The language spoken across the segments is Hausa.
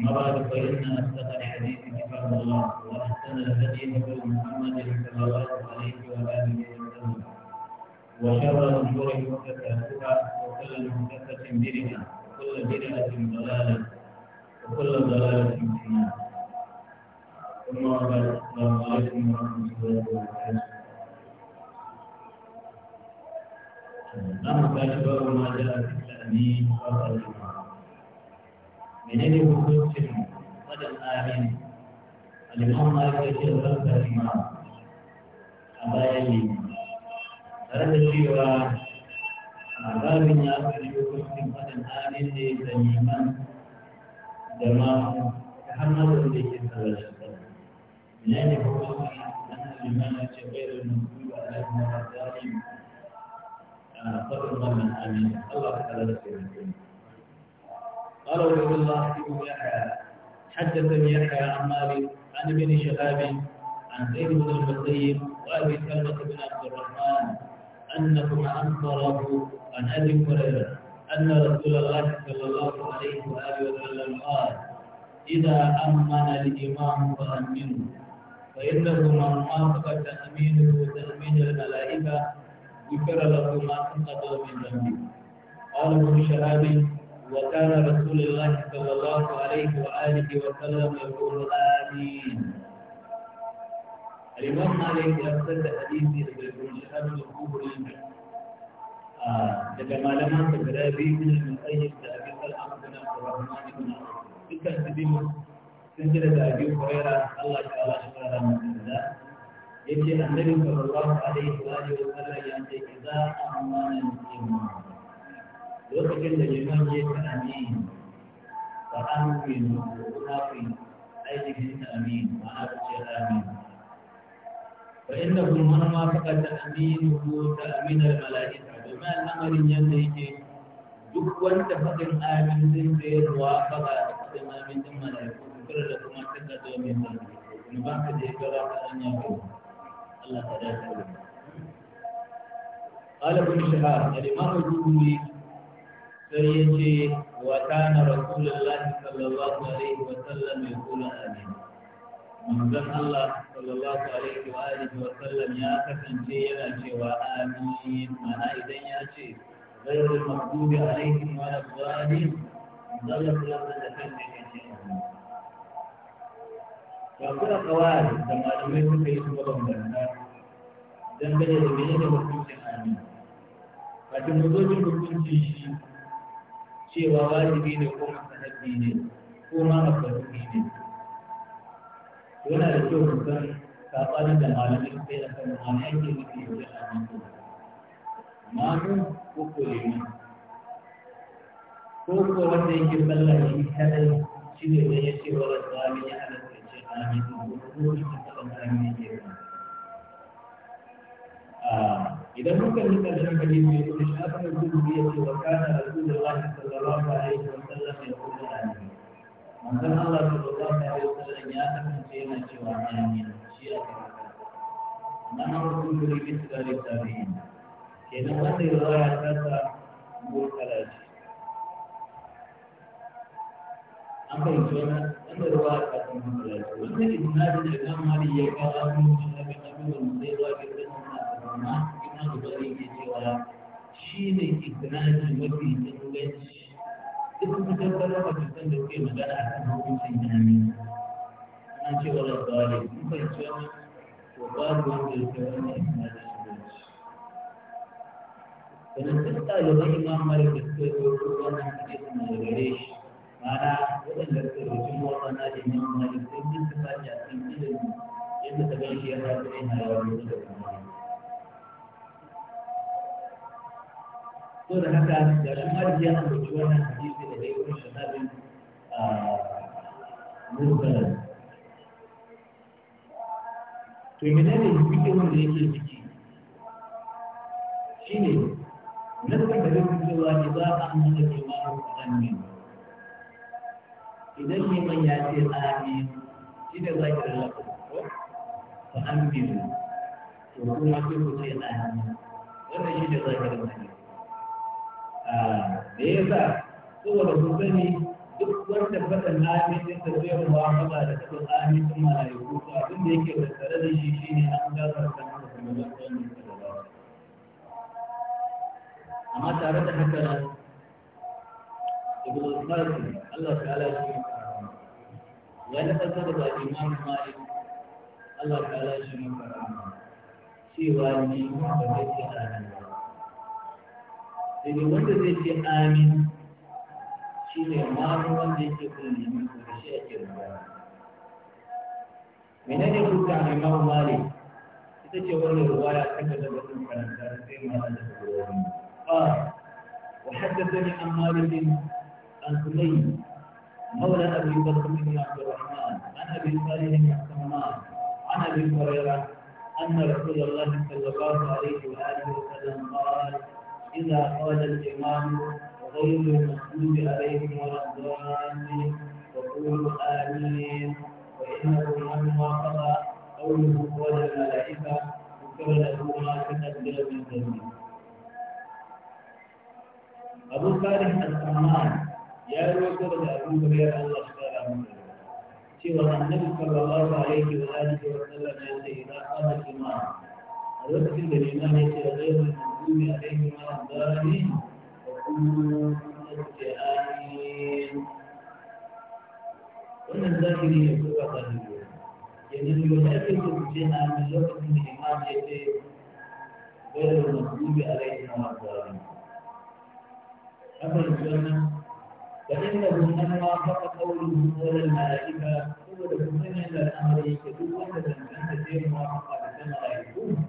أما فإن أصدق الحديث كتاب الله وأحسن الهدي هدي محمد صلى الله عليه وآله وسلم وشر الأمور محدثاتها وكل محدثة بدعة وكل بدعة ضلالة وكل ضلالة في النار ثم بعد السلام عليكم ورحمة الله وبركاته نحن نعم، باب ما جاء في التأمين وقال الإمام من اجل وجودكم قد امين الامام مالك الشيخ رب الامام ابا يلي رب الشيخ رب الامام مالك الشيخ رب الامام قد امين تنيما جماعة محمد الذي يسال من اجل وجودكم ان الامام الشيخ المنصور على ابن الرجال قد امين الله تعالى قال عبد الله بن يحيى حدثني يحيى عن مالك عن ابن شهاب عن زيد بن المسيب وابي سلمه بن عبد الرحمن انكم انصره عن ابي هريره ان رسول الله صلى الله عليه واله وسلم قال اذا امن الامام فامنه فانه من وافق تامينه تامين الملائكه ذكر له ما انقضى من ذنبه قال ابن شهاب وكان رسول الله صلى الله عليه وآله وسلم يقول آمين الإمام مالك أرسل حديث يقول الشهر الحب للمعنى آه، لكما لما تقرى بيتنا من أي تأبيق الأمدنا الرحمن بن الله تلك السبيل سنجل تأبيق خيرا الله تعالى شكرا من الله يجي أن النبي صلى الله عليه وآله وسلم يأتي إذا أمان الإيمان lokacin da liman ya ta amin fa aminu kafi ainihin ta amin ma'ana ta ce amin fa inda kuma ma faka ta aminu ko ta aminar mala'ika domin al'amarin yadda yake duk wanda faɗin amin zai sayarwa faɗa da faɗin amin din mala'iku kira da kuma kada domin mala'iku kuma ba ka je gara ta hanya ba Allah ta dace da قال ابن شهاب الإمام الجمهوري کریم چې رسول الله صلى الله عليه وسلم يقول آمين امین مگر الله صلى الله علیه و آله و سلم یا کتن چې یا چې وا امین معنا دې یا چې غیر مقبول علیه و آله دل خپل نه ده کې چې وکړه قواعد د معلومات په دې څه په اړه ده دنګره دې دې په څه باندې پدې موضوع کې کوم څه شي cewa wajibi ne ko masahabi ne ko ma masahabi ne yana da kyau mu san sabanin da malamai sai a kan wani yake nufi da jihar mamu ko kolemi ko ko wanda yake sallah yi kadai shi ne da ya ce wa rasali ya halatta ce amin ko ko shi ta taɓa amin ne ke ba إذا ممكن نترجم حديث يقول إشهاد الوجود بيده وكان رسول الله صلى الله عليه وسلم يقول آمين من كان الله صلى الله عليه وسلم من فينا سوى آمين شيئا أنا رسول لمثل للتابعين إذا هذه الرواية ثلاثة مرسلات أما الجنة أما الرواية ثلاثة مرسلات وأن الإسناد الإمام مالي يقال أنه من أبي النبي والمصيبة من السنة hasan bari ke cewa shi ne ikirarin mafi inganci duk kusan karfafa cutar da kuke magana a kan hukuncin yanayi ana cewa da tsari kun fahimci wani to babu wanda ya kai wannan ikirarin shugabanci sannan duk ɗaliban imam da suka yi wannan da gare shi ma'ana waɗanda suka rubuci mawana da sun yi suka a ilimin yadda ta gaishe ya rasu yana yawon da kuma to da haka ga shi mali ya ambaci wannan hadisi da dai wurin shahabin mursalan to menene cikin wanda yake ciki shine nasarar da cewa ne za a nuna kimanin amin idan neman ya ce amin shi da za ki rarrafa fa amin to kuma sai ku ce amin wannan shi da za ki rarrafa da ya sa saboda kun sani duk wanda fata na amincin da zai ruwa maza da cikin amincin malayiku to abin da yake tattare da shi ne an gafar da masa kuma da tsohon amma tare da haka nan ibn al-Qasim Allah ta'ala shi ya na fasar da Imam Malik Allah ta'ala shi ne cewa ni ba zai ci a nan daga wanda zai ce amin shi ne mamu wanda yake kun neman ko da shi ake rubuwa mene ne kuka mai mamu mali ita ce wanda ruwa ya saka da wasu karanta sai ma a da ruwa a وحدثني عن مالك عن سليم مولى ابي بكر بن عبد الرحمن عن ابي صالح بن سلمان عن ابي هريره ان رسول الله صلى الله عليه واله وسلم قال إذا قال الإمام غير المغضوب عليهم ورمضان يقول وقولوا آمين وإنه من وافق قوله قول الملائكة غفر له ما تقدم من ذنبه أبو صالح الأمان يا رسول أبو هريرة الله تعالى عنه سوى النبي صلى الله عليه وآله وسلم يقول إذا قام الإمام a lokacin da liman ya ce zai yi hukumi a kai ma zari da kuma sassace amin wannan zahiri ne ko ba zahiri yanzu da wata ake so ku ce amin lokacin da liman ya ce zai yi hukumi a kai ma zari أفضل الجنة فإنهم أما فقط قوله قول الملائكة هو لكم من الأمر يكتب وكذا أنت تير موافقة بالملائكة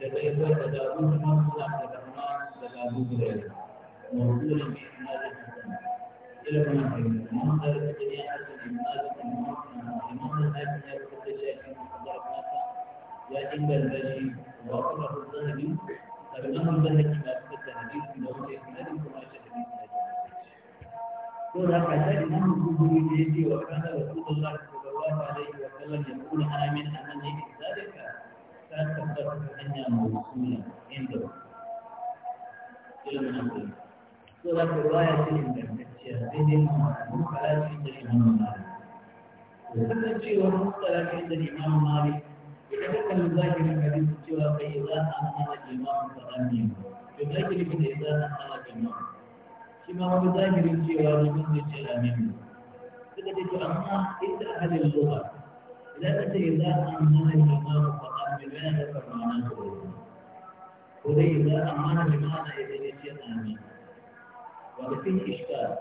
لبيضاء تدابوه مصر عبد الرحمن تدابوه غيره في بإسناد الحسن إلى مناقب مصدر الدنيا حسن إسناد الإمام الأجنبي الشيخ المصدر لكن الذي وصله الذهبي ترجمه الذهبي ما أثبت حديث موت إسناد كما شهد قول هكذا الإمام الكوفي وكان رسول الله صلى الله عليه وسلم يقول آمن أنا تثبت أنها موصولة عنده إلى من صورة الرواية الإنجليزية بين المختلف عند الإمام مالك وكذا شيء المختلف عند الإمام مالك يتذكر ذلك الحديث سوى فإذا أمن الإمام فأمنه يذكر من إذا أمن الإمام كما هو ذاكر سوى لمن سوى منه فكذا أما إذا أهل اللغة لا إذا أمن الإمام فأمنه بمعنى فرمانه وذي لا أمانة بمعنى آمين وفيه إشكال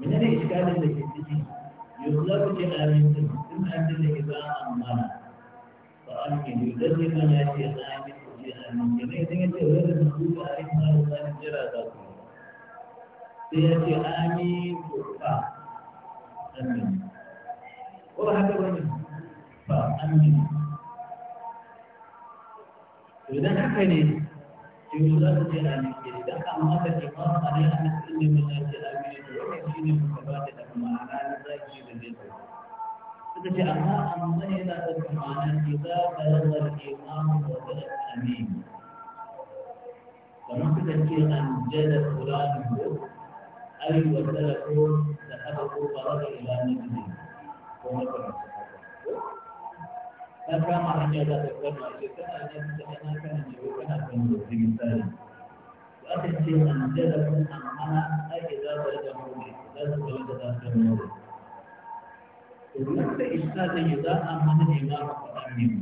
من الإشكال الذي فيه يطلب جلالين ثم أدل إذا أمانة فأمين يدرب ما يأتي آمين وجهامين كما يتنجد غير المخلوق آمين ما الله جرى سيأتي آمين وفا أمين idan haka ne yau za su ce amin ke da aka maka ke fara a ne an ne mun ya a amin to wannan shi ne muka ba da daga ma'ana na zaki da zai suka ce amma amma ne yana ɗaukar ma'ana ke za ka rawar imamu wa zai amin kamar suka ce an jada fulani ko ai wa ko da aka ko ba za ka ila ko makarantar na kama hanya za ta kama ce kana nan ta ana kana ne ko kana kan gobe misali to aka ce an da da kun amma ake za ta da mu ne za su ga wanda za ta mu ne to nan da isa da yuda amma ne ma ku dan ne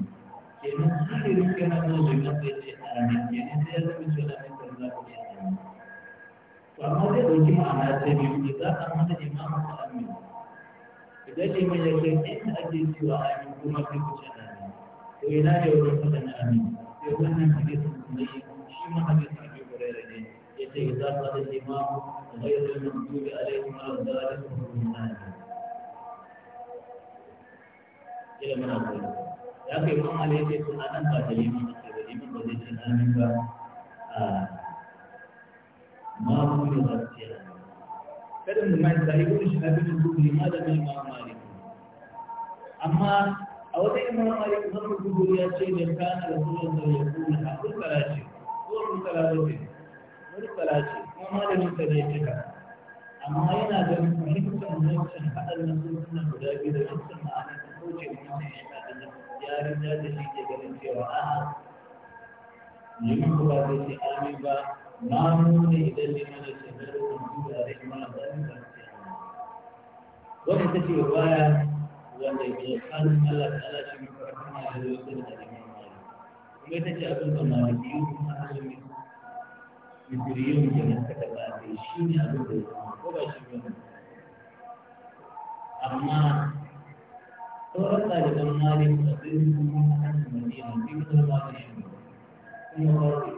kenan sihirin kana gobe na sai ce amin kenan sai ya zama cewa ne kan za ku ne to amma zai dauki ma'ana ta biyu idan amma da imamu ku amin idan liman ya ce in ake cewa kuma sai ku ce ولا يرزقنا امين يقولنا حديث مسلم شيما حديث ابي هريره يتي اذا قال الامام غير المغضوب عليهم ولا الضالين النار الى من اقول يا اخي امام علي يتي قاتل الامام الامام بدي سنانا با ما هو يغفر kada mu mai sai gurin shi abin da a wata ina mai ya ce da ka ya kuma na kusara ce ko kusara zo ne wani kusara ce kuma malamin zai cika amma yana da muhimmancin zancen haɗar na sunan guda biyu da sassan ma'ana ta kauce mu wannan ya sa da ta ya da shi ke ganin cewa a neman ba na nuna ne mana shi zarurin zuwa da kuma zarurin zarurin zarurin zarurin zarurin zarurin zarurin zarurin zarurin zarurin wanda ke an Allah ta ala shi muka da zai wasu da alimar kuma ita ce abin da maliki a halin misiriyun ke nan ka taɓa ta shi ne abin da ya zama ko ba shi ne amma sauran ɗaliban mali a zai kuma a hannun madina biyu da ba ta shi kuma kawai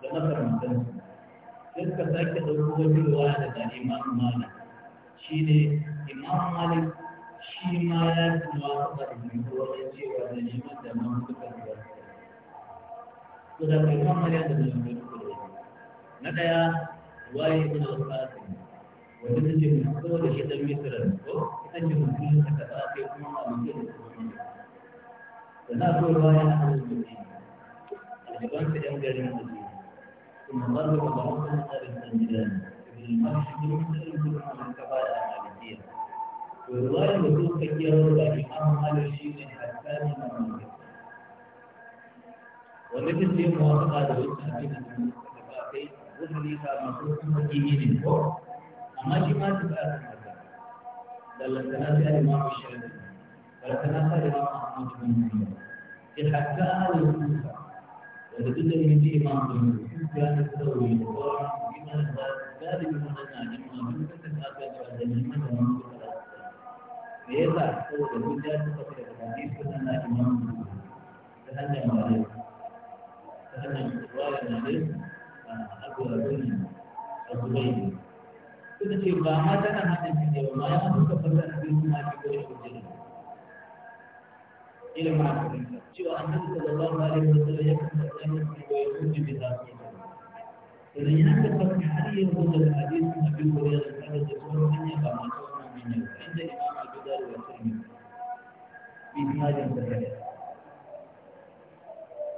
da makarantar sai ka sake ɗauko wani ruwa daga imam malik shi ne imam malik shi ma ya fi ma saba da wajen cewa da neman da man suka biya su da kai kamar yadda da mai suka da na ɗaya waye ibn al-qasim wanda ta ce mun so da shi dan ko ita ce mun ta kafa kai kuma ma mun ce da kuma da na so waye na hannun mutum a gaban su ɗan garin mutum kuma ba su ba ba san tsarin san gidan ibn al-qasim mun san ibn al-qasim ka ba da amaliya ورواية مدوك كثيرة لإمام مالك شيء من حسان من مالك ومثل شيء موافقة لوجه أبي نبي فكاكي وحديثة مخصوص مجيئين الكور أما شيء ما تبقى لأن تناسى الإمام الشافعي ولا تناسى الإمام أحمد بن محمد في حتى أهل الكوفة ولدد من في إمام بن محمد كان الثوري وقال بما ذلك من أن من me yasa saboda hujja ta tafi daga hadisi na na imam ta hanyar mare ta hanyar ruwaya na dai abu da zuni zubai ne suka ce ba ma tana hannun cikin ba ma ya suka fasa da zuni na fi goyi hujja ne ilimin asirinka cewa annabi sallallahu alaihi wasallam ya kasance yana goyi hujja bi zasu idan ya kasance har yi hujja da hadisin abin goyi da kada da kuma hanya ba ma أحمد عند إمام البزار والترمذي بإسناد صحيح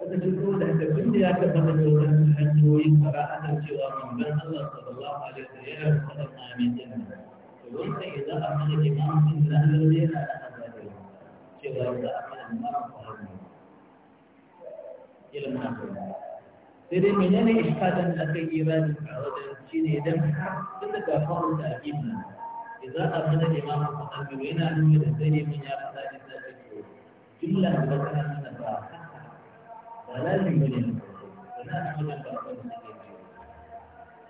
فتشكرون أن كل يا كفر الجوزان حنوين فراحة الجوار من بين الله صلى الله عليه وسلم وخلقنا من جنة فقلت إذا أمن الإمام إن أهل الذين أنا جوار إذا أمن الإمام فهمني إلى منافق sai menene ishkadan da kai ibadin a wajen shi ne idan har tun da gafarin ان إذا أخذ المكان الذي بين أن من الدين من يأخذ المكان الذي إلا إذا كان من الباب فلا يمكن أن يكون فلا يمكن أن يكون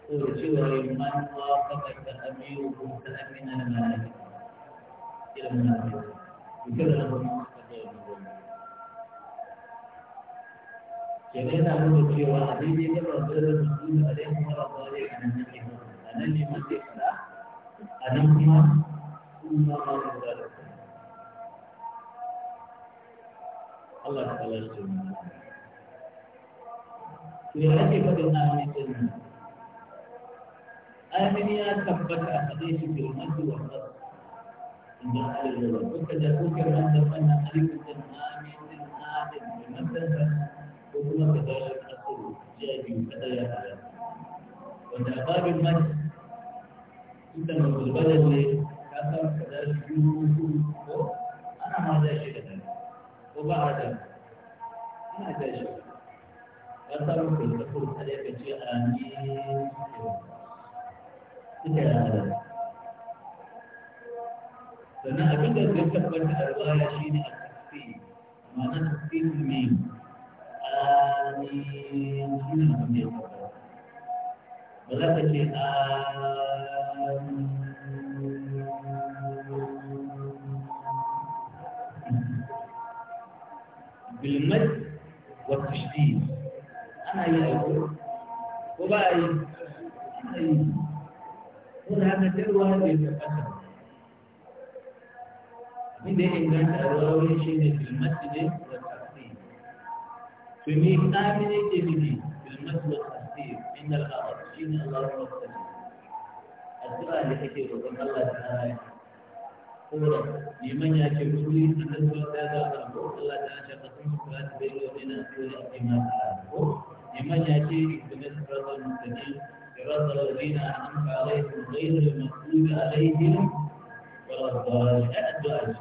قل سوى الإمام فقد تأمير كنت أمين الملائكة إلى المكان الذي له المعقد يوم كذلك أقول في وحديثي كما قال المسلم عليه الذي والسلام أنني من أنني من أنمها ثم مروا ذلك الله تعالى يستمع في رجفة آمنة آمنة ثبت أحاديث في المد والرد عند أهل الغرب وكذا ذكر أن أن ألف آمنة آمن بمثل وكما كذلك أصل جاء بكذا يا آية وأن أباب المد inda mai gulbada ne ya san ka da shi yi ko ana ma da shi da nan ko ba a da ina da shi ya san ka da ko ta da ka ce amin ita ya da sannan abin da zai tabbata a ruwaya shi ne a tafi ma'ana tafi mai amin shi ne mai tabbata ba za ka ce amin بالمد والتشديد أنا أقول وبقى قل هذا تلو هذه الفترة من ده إن كان الأولوية شيء في المسجد والتخطيط في ميزان من الجبدين في المسجد والتخطيط من الأرض شين الله neman ya ce kuri da kasuwa ta ga abu Allah ta ala ta kuma kura ta bai yau yana kore a cikin masu ko neman ya ce kuma su rasa mutane da rasa lalina a an ka alaihim ghairu masu alaihim wa rabbal addu'a ce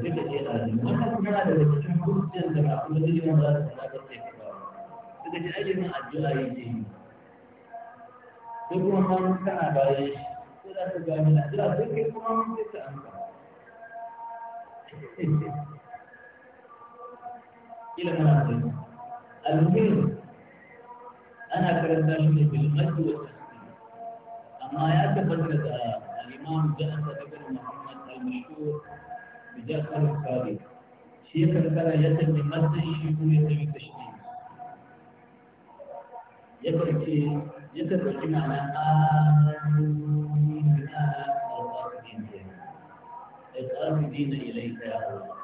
da duka ce a jini wannan kuma yana daga cikin hujjan da ba a kuma jirgin ba su ba ta ce ba suka ce ajiyar addu'a yake yi sai kuma ma mun kana bayan shi sai za ka gani na jira sai kai kuma mun sai ka amsa kila muna sai almuhim ana karanta shi ne bil majdi wa amma ya tabbata da al-imam Ja'far ibn Muhammad al-Mashhur bi Ja'far al-Sadiq shi karkara ya tabbata masjid shi ko ya tabbata shi ne ya karkace يسر بجمع أنا آمين القاصدين إليك يا الله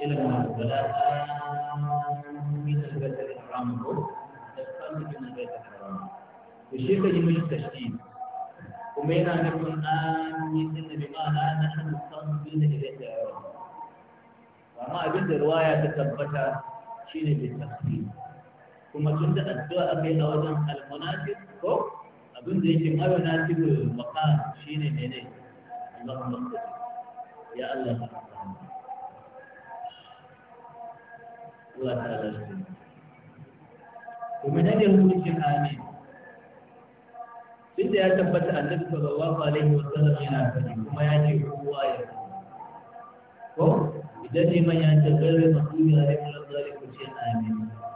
إلى ما ولا من البيت الحرام القاصد من البيت الحرام وشيخ جميل التشديد ومينا نكون آمين النبي قال نحن القاصدين إليك يا الله وما أبدا رواية تثبت شيء بالتخفيف kuma tun da addu'a aka yi a wajen almunasib ko abin da yake mara nasibul maqam shine mene Allahumma ya Allah Allah ta'ala kuma na da hukuncin amin duk da ya tabbata annabi sallallahu alaihi wa sallam yana faɗi kuma ya ce kowa ya ko idan liman ya ce gare masu yi a rikin lalzari amin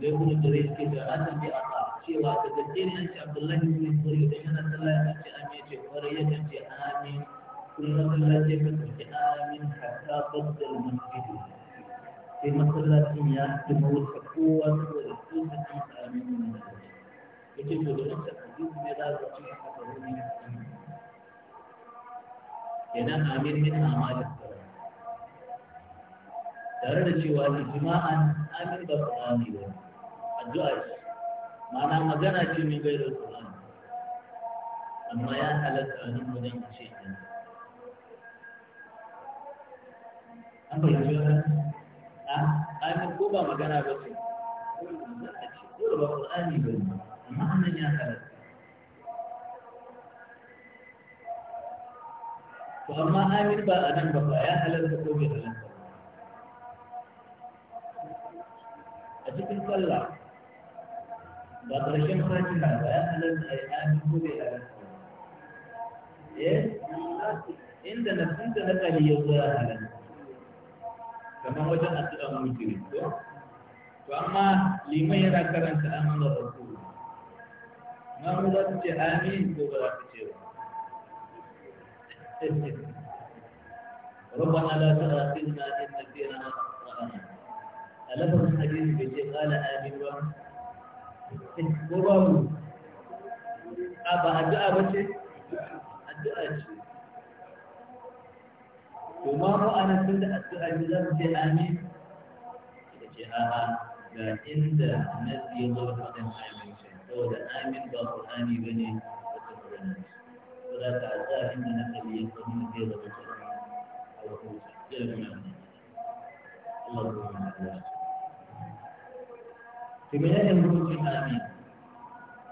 daga ibn da asan bi aka cewa da gaske ne an abdullahi da yana sallah ya ce amin ce kwarai ya ce amin kuma masallaci amin hatta sai masallacin ya kowa amin ne ya ce to da wancan hadisi ne za ci kenan amin ne amalin tare da cewa ijma'an amin da qur'ani ba addu'a ce ma'ana magana ce mai bai da qur'ani amma ya halatta a nan wajen ka ce ne an fahimci wannan a amin ko ba magana ba ce ko ba qur'ani ba amma annan ya halatta to amma amin ba a nan ba ya halatta ko bai halatta cikin sallah ba ƙarshen fashi ba ya halatta a yi amin ko bai halatta eh inda na inda na kali ya zo ya halatta kamar wajen addu'a mujiri to to amma liman yana karanta amin da rasul ma mu za su ce amin ko ba za su ce ba ربنا لا تؤاخذنا إن نسينا أخطأنا ألم الحديث الذي قال آمن وقرروا أبا الدعاء بشي الدعاء بشي وما رأى نفسد الدعاء بذلك في آمين جهاها فإن نسي الله بحقهم آمين فهو آمين بقرآني بني وتفرنا فلا تعزى إن نقل يقومون في الله بشي الله بشي الله بشي الله بشي الله بشي الله بشي الله بشي الله بشي الله بشي الله بشي الله بشي الله بشي الله بشي الله domin yadda mutum amin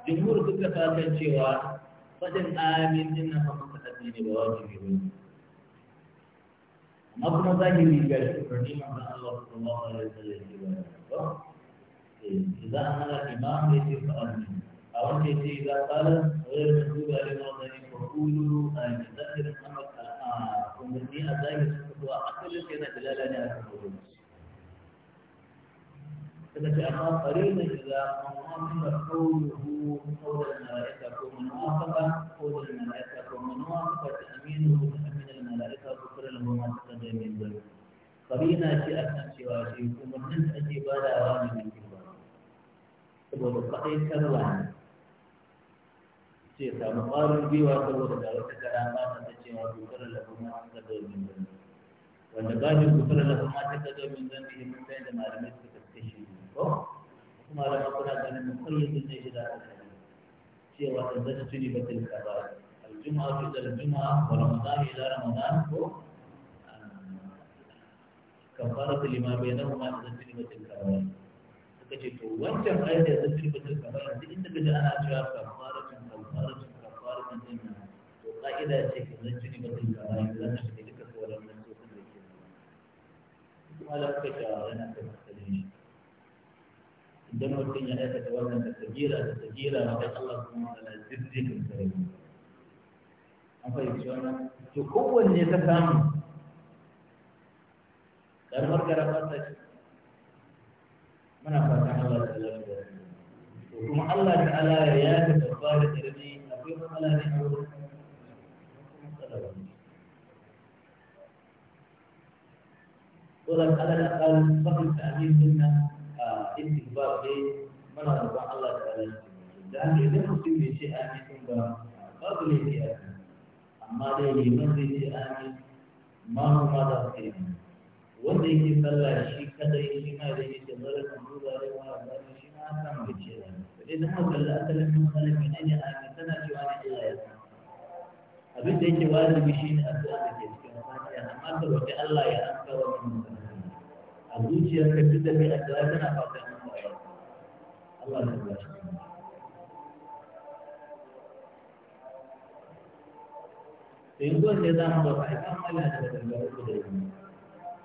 jimhur duka ta kan cewa faɗin amin din na fa muka addini ba wajibi ba amma kuma zahiri ga shi kurni manzon Allah sallallahu alaihi wasallam ya ba idan amara imam ya ce fa amin a wanda ya ce idan qala wa yaqulu ali mawdani fa qulu amin zahiri amma al-an kun ni azami ko akalin yana dalala ne a kan التي أخاف قريبا إذا مناطق قوله قول الملائكة كون مناطقا قول الملائكة كون مناطقا تأمينه تأمين الملائكة ذكر له ما تقدم من ذنبه قرينا شيء أكثر سوى شيء ومن أجيب على وامن من كبار تقول قطيع كروان شيء مقارن بي وأقول ذلك كلامات تجيب ذكر له ما تقدم من ذنبه وأن بعد ذكر له ما تقدم من ذنبه من بين المعلومات في تكتشفه kuma da makuna da nan kullum sun yi shida a cikin cewa da za su tuni batun kaba aljuma fi aljuma wa ramadan fi ramadan ko ah, kafara da lima bai nan kuma da tuni batun to wancan ayat da za su tuni yanzu inda kaje ana cewa kafara tun kafara tun kafara tun nan to ka'ida ce ka za su tuni batun kaba yanzu za su duka kowa da wannan da ke Kuma da suka shawarar na kai دم الدنيا لا تتولى ان تجيرا تجيرا رضي الله عنه على الزبد الكريم ان طيب شو انا تكو ان يتفهم لان مرجع رفضت من افضل عن الله تعالى وكما الله تعالى رياك الاخبار الترمي اقيم على نحوه قلت على الاقل فقط تعليم منا istihbar ne muna Allah ta ala shi da haka ce amin ba babu ce amin yake sallah kadai shi ma da yake ce Allah cewa yake wajibi shi Allah ya amsa wannan a zuciyarka duk da kai yanzu wanda ya zama gaba a kan da daga uku da yanzu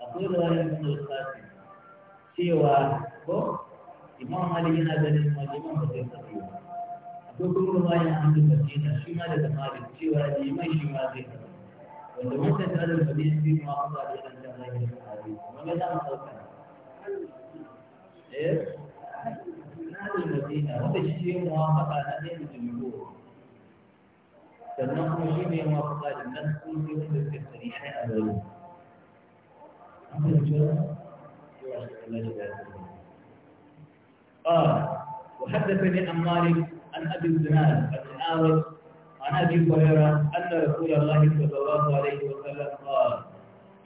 akwai ruwayen suna lissafi cewa ko imam Ali yana ganin majiman ba zai tafi ba akwai kuma ruwayen Ahmadu Madina shi ma daga Malik cewa liman shi ma zai tafi wanda mutum da Adam Madina shi ma kuma da yaran da Allah ya tafi wanda za mu ɗauka المدينة هذا الشيء موافق على أهل الجمهور فإنه شيء يوافق على النفس في التصريح أبدا قال وحدثني عن مالك عن ابي الزناد عن عامر عن ابي هريره ان رسول الله صلى الله عليه وسلم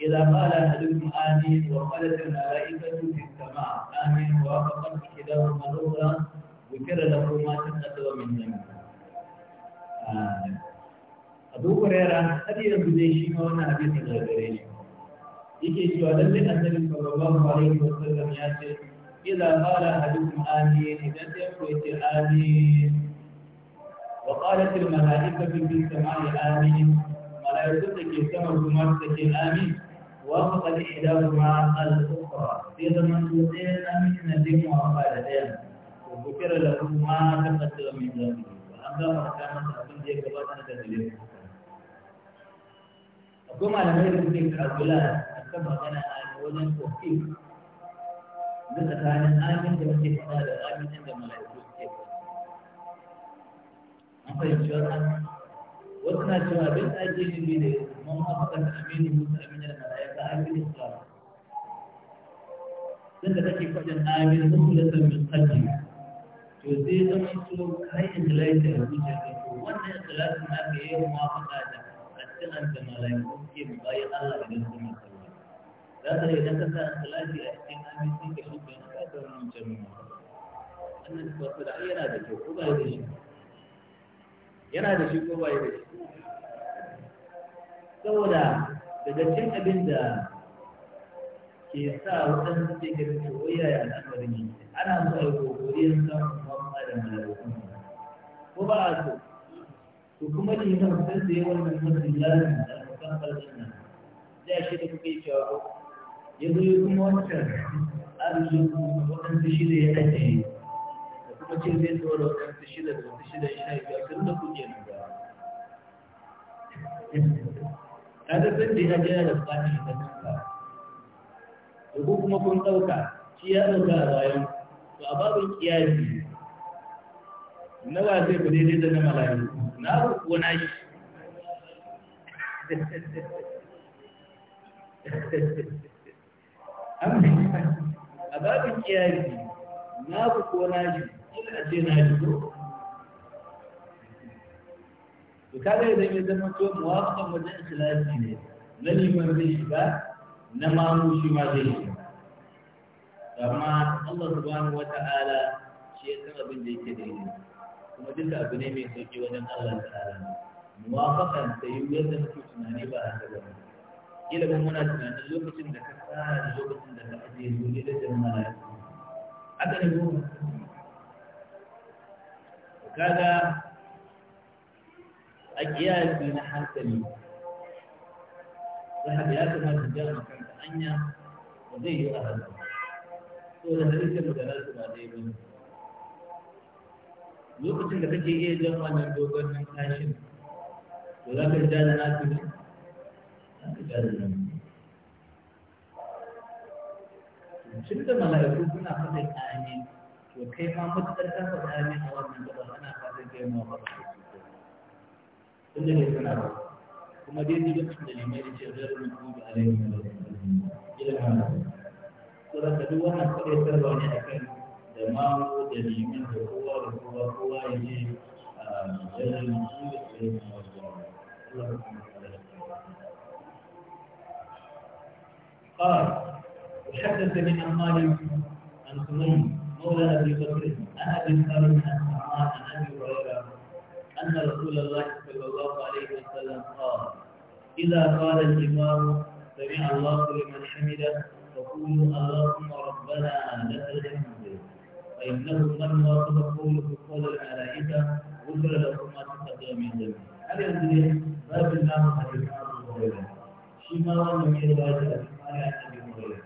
إذا قال أهلهم آمين وقالت الملائكة في السماء آمين وافقا في كتاب ذكر له ما سكت ومن ذنب أبو هريرة أبي أبو زيشيم وأنا أبي زيشيم يجي سؤال لك أن النبي صلى الله عليه وسلم يأتي إذا قال أهلهم آمين إذا تقويت آمين وقالت الملائكة في السماء آمين ملائكة في السماء آمين وافقت إحداهما الأخرى في من محنة وعقالتين وذكر له ما تقدم من ذلك وأما محكمة الدنيا كما تدريبه وكما لم يكن في تعبدات كما كان آمن وزن توفيق مثل كان آمن توفيق هذا آمن عندما لا an كيف wannan wasu na cewa bin ajiye ne da mun haɓaka aminu musu آمن الصالح dan da kake faɗin amin mukulatan min qalbi to sai zama so kai in da laita da zuciya ka to wannan salatin na ka yi mu faɗa da addu'an da malaiku ke bayan Allah idan sun yi sallah da sai idan ka sa salati a cikin amin sai ka shuka na ka da wannan jami'a wannan ko da yana da kyau ko ba da shi yana da shi ko ba da shi saboda daga cikin abin da ke sa waɗansu suke ganin soyayya ya al'amarin ana so a yi yin samun mamma da malakun ko ba a so to kuma da yana san da yawan da kuma ƙarfin nan da shi da yi cewa ya zo kuma wancan arzikin waɗansu shi da ya ajiye da kuma ce zai tsoro waɗansu shi da wasu shida sha kaga san da ya je da tsani da kanka to ko kuma kun dauka shi ya dauka a bayan to a babu kiyasi nawa sai ku daidai da na malayi na ku ko na shi a babin kiyasi na ku ko na shi ina a ce na shi ko to kaga idan ya zama to muwafaqan wajen ikhlasi ne na liman zai shiga na mamu shi ma zai shiga amma Allah subhanahu wata'ala shi ya san abin da yake daidai kuma duka abu ne mai sauki wajen Allah ta'ala muwafaqan ta yi yadda muke tunani ba haka ba kila ba muna tunanin lokacin da ka tsara da lokacin da ka ajiye su ne da jama'a haka ne ko kaga أجيال من حتى اليوم لها بيات هذا الجل مكان تأنيا وذي أهل سورة الحديث المدلات بعدين من لوكس إن تجي إيه جل ما نبدو قد من تاشم ولا كجال ناتم كجال ناتم شنو ده مالا يقول بنا خذ الآمين وكيف ما مدرسة فالآمين أولا من جبه أنا خذ الجيم وغرسك sun da ke sanarwa kuma dai duk lokacin da limai da ce zai rubuta kuma a laifin da ilimin wannan so da ka duk wannan kawai sarwa ne a kan da mamu da limin da kowa da kowa kowa ya je a jirgin kuma da ilimin wannan قال وحدثني عن مالك عن سمي مولى ابي بكر عن ابي خالد عن سماء عن ابي هريره أن رسول الله صلى الله عليه وسلم قال إذا قال الإمام سمع الله لمن حمده فقولوا اللهم ربنا لك الحمد فإنه لما تقوله قول الملائكة غفر له ما تقدم من ذنبه هل يدري باب النار حديث أبو هريرة شما وأن من رواية عن أبي هريرة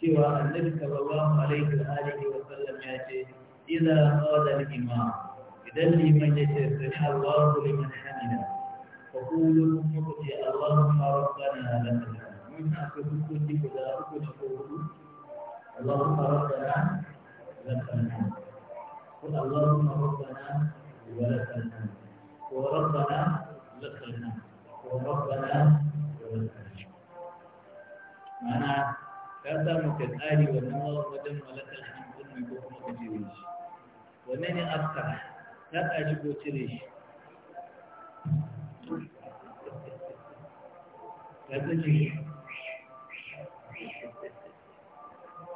سوى النبي صلى الله عليه وآله وسلم يأتي إذا قال الإمام ذلي من يتسمع الله لمن حمنا وقولوا نقطي الله ربنا لك الحمد من كنتي كذا أكتبت الله ربنا لك الحمد قل اللهم ربنا ولك الحمد وربنا لك الحمد وربنا ولك الحمد معناها ka samu ka tsari wannan wajen malakar hamdun mai ko kuma shi wannan ne لا أجب تريش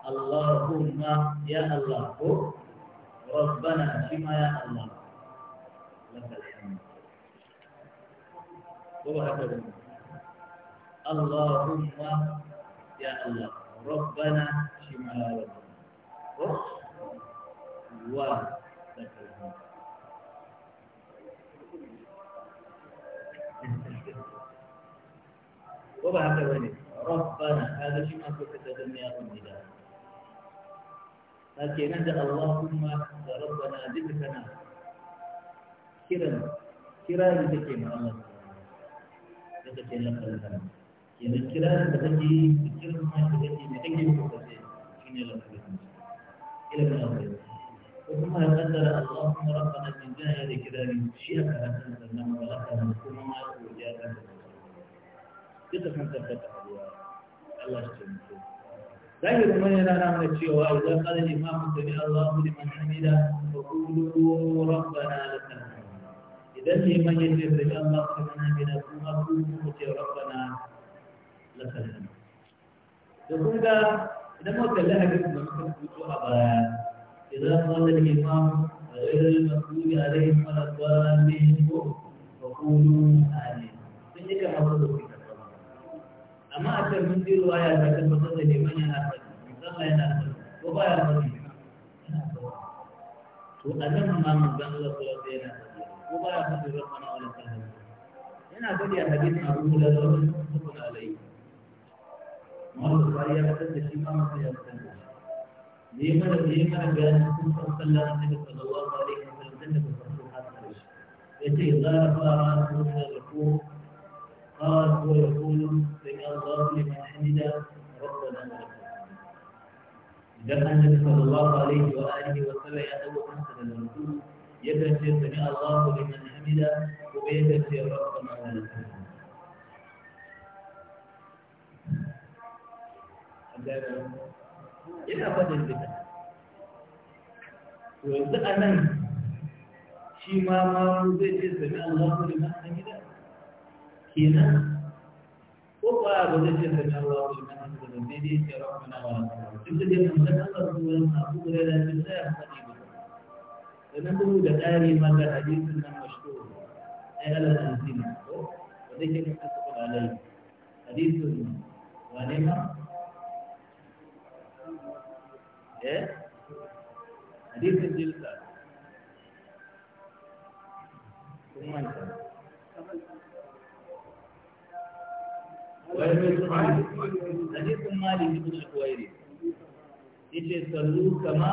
اللهم يا الله ربنا فيما يا الله لك الحمد اللهم يا الله ربنا فيما يا الله و وبعد ذلك ربنا هذا شيء ما كنت تدمي أظن إله لكن أنت اللهم ربنا ذكرنا كرا كرا ذكر مع الله ذكر لك الكلام يعني كرا تجي كرا ما تجي تجي وتجي شنو لك إلى من أول وثم قدر اللهم ربنا من جاه ذكرنا شيئا فأنت لنا ولك نسكن ما وجاء duka sun tabbata a ruwa Allah shi taimako zahirin mun yana na mana cewa idan qala al-imam sami Allahu liman hamida fa qulu rabbana lakal hamd idan liman yace sami Allahu liman hamida kuma ku ku ce rabbana lakal hamd da kun ga idan muka kalli hadisin da muka rubuto a baya idan qala al-imam غير المغضوب عليهم ولا الضالين فقولوا آمين. من يكره amma a can mun ji ruwa ya ta tabbatar da neman yana sani sallah yana sani ko ba ya sani yana to a nan ma mun gan Allah ko sai yana sani ko ba ya sani rabbana wala sani yana sani a hadisin Abu Hurairah radiyallahu alaihi Muhammad Bukhari ya fitar da shi ma masa ya fitar da shi ne mana ne mana bayanin kun san sallah na Nabi sallallahu alaihi wasallam dan da farko har ƙarshe yace idza rafa'a ko qala huwa yaqulu الله لمن حمده ربنا ولك idan annabi sallallahu alaihi wa alihi wa sallam ya dago kansa da lantu ya kace sami Allahu liman hamida ko ya kace rabbana lakal yana fadin duka to yanzu a nan shi ma ma zai ce sami Allahu liman hamida kenan وقع بذلك تجرى في منزل المدينة ربنا ورسوله ابتدى من ذكر رسول أبو هريرة الله قديما لنقول لتاري مدى حديثنا مشهور أي على الأنزل وذلك متفق عليه حديث غنيمة إيه حديث الجلسة ثم انتهى ويروي سفيان حديث مالك بن الحويري yace sallu kama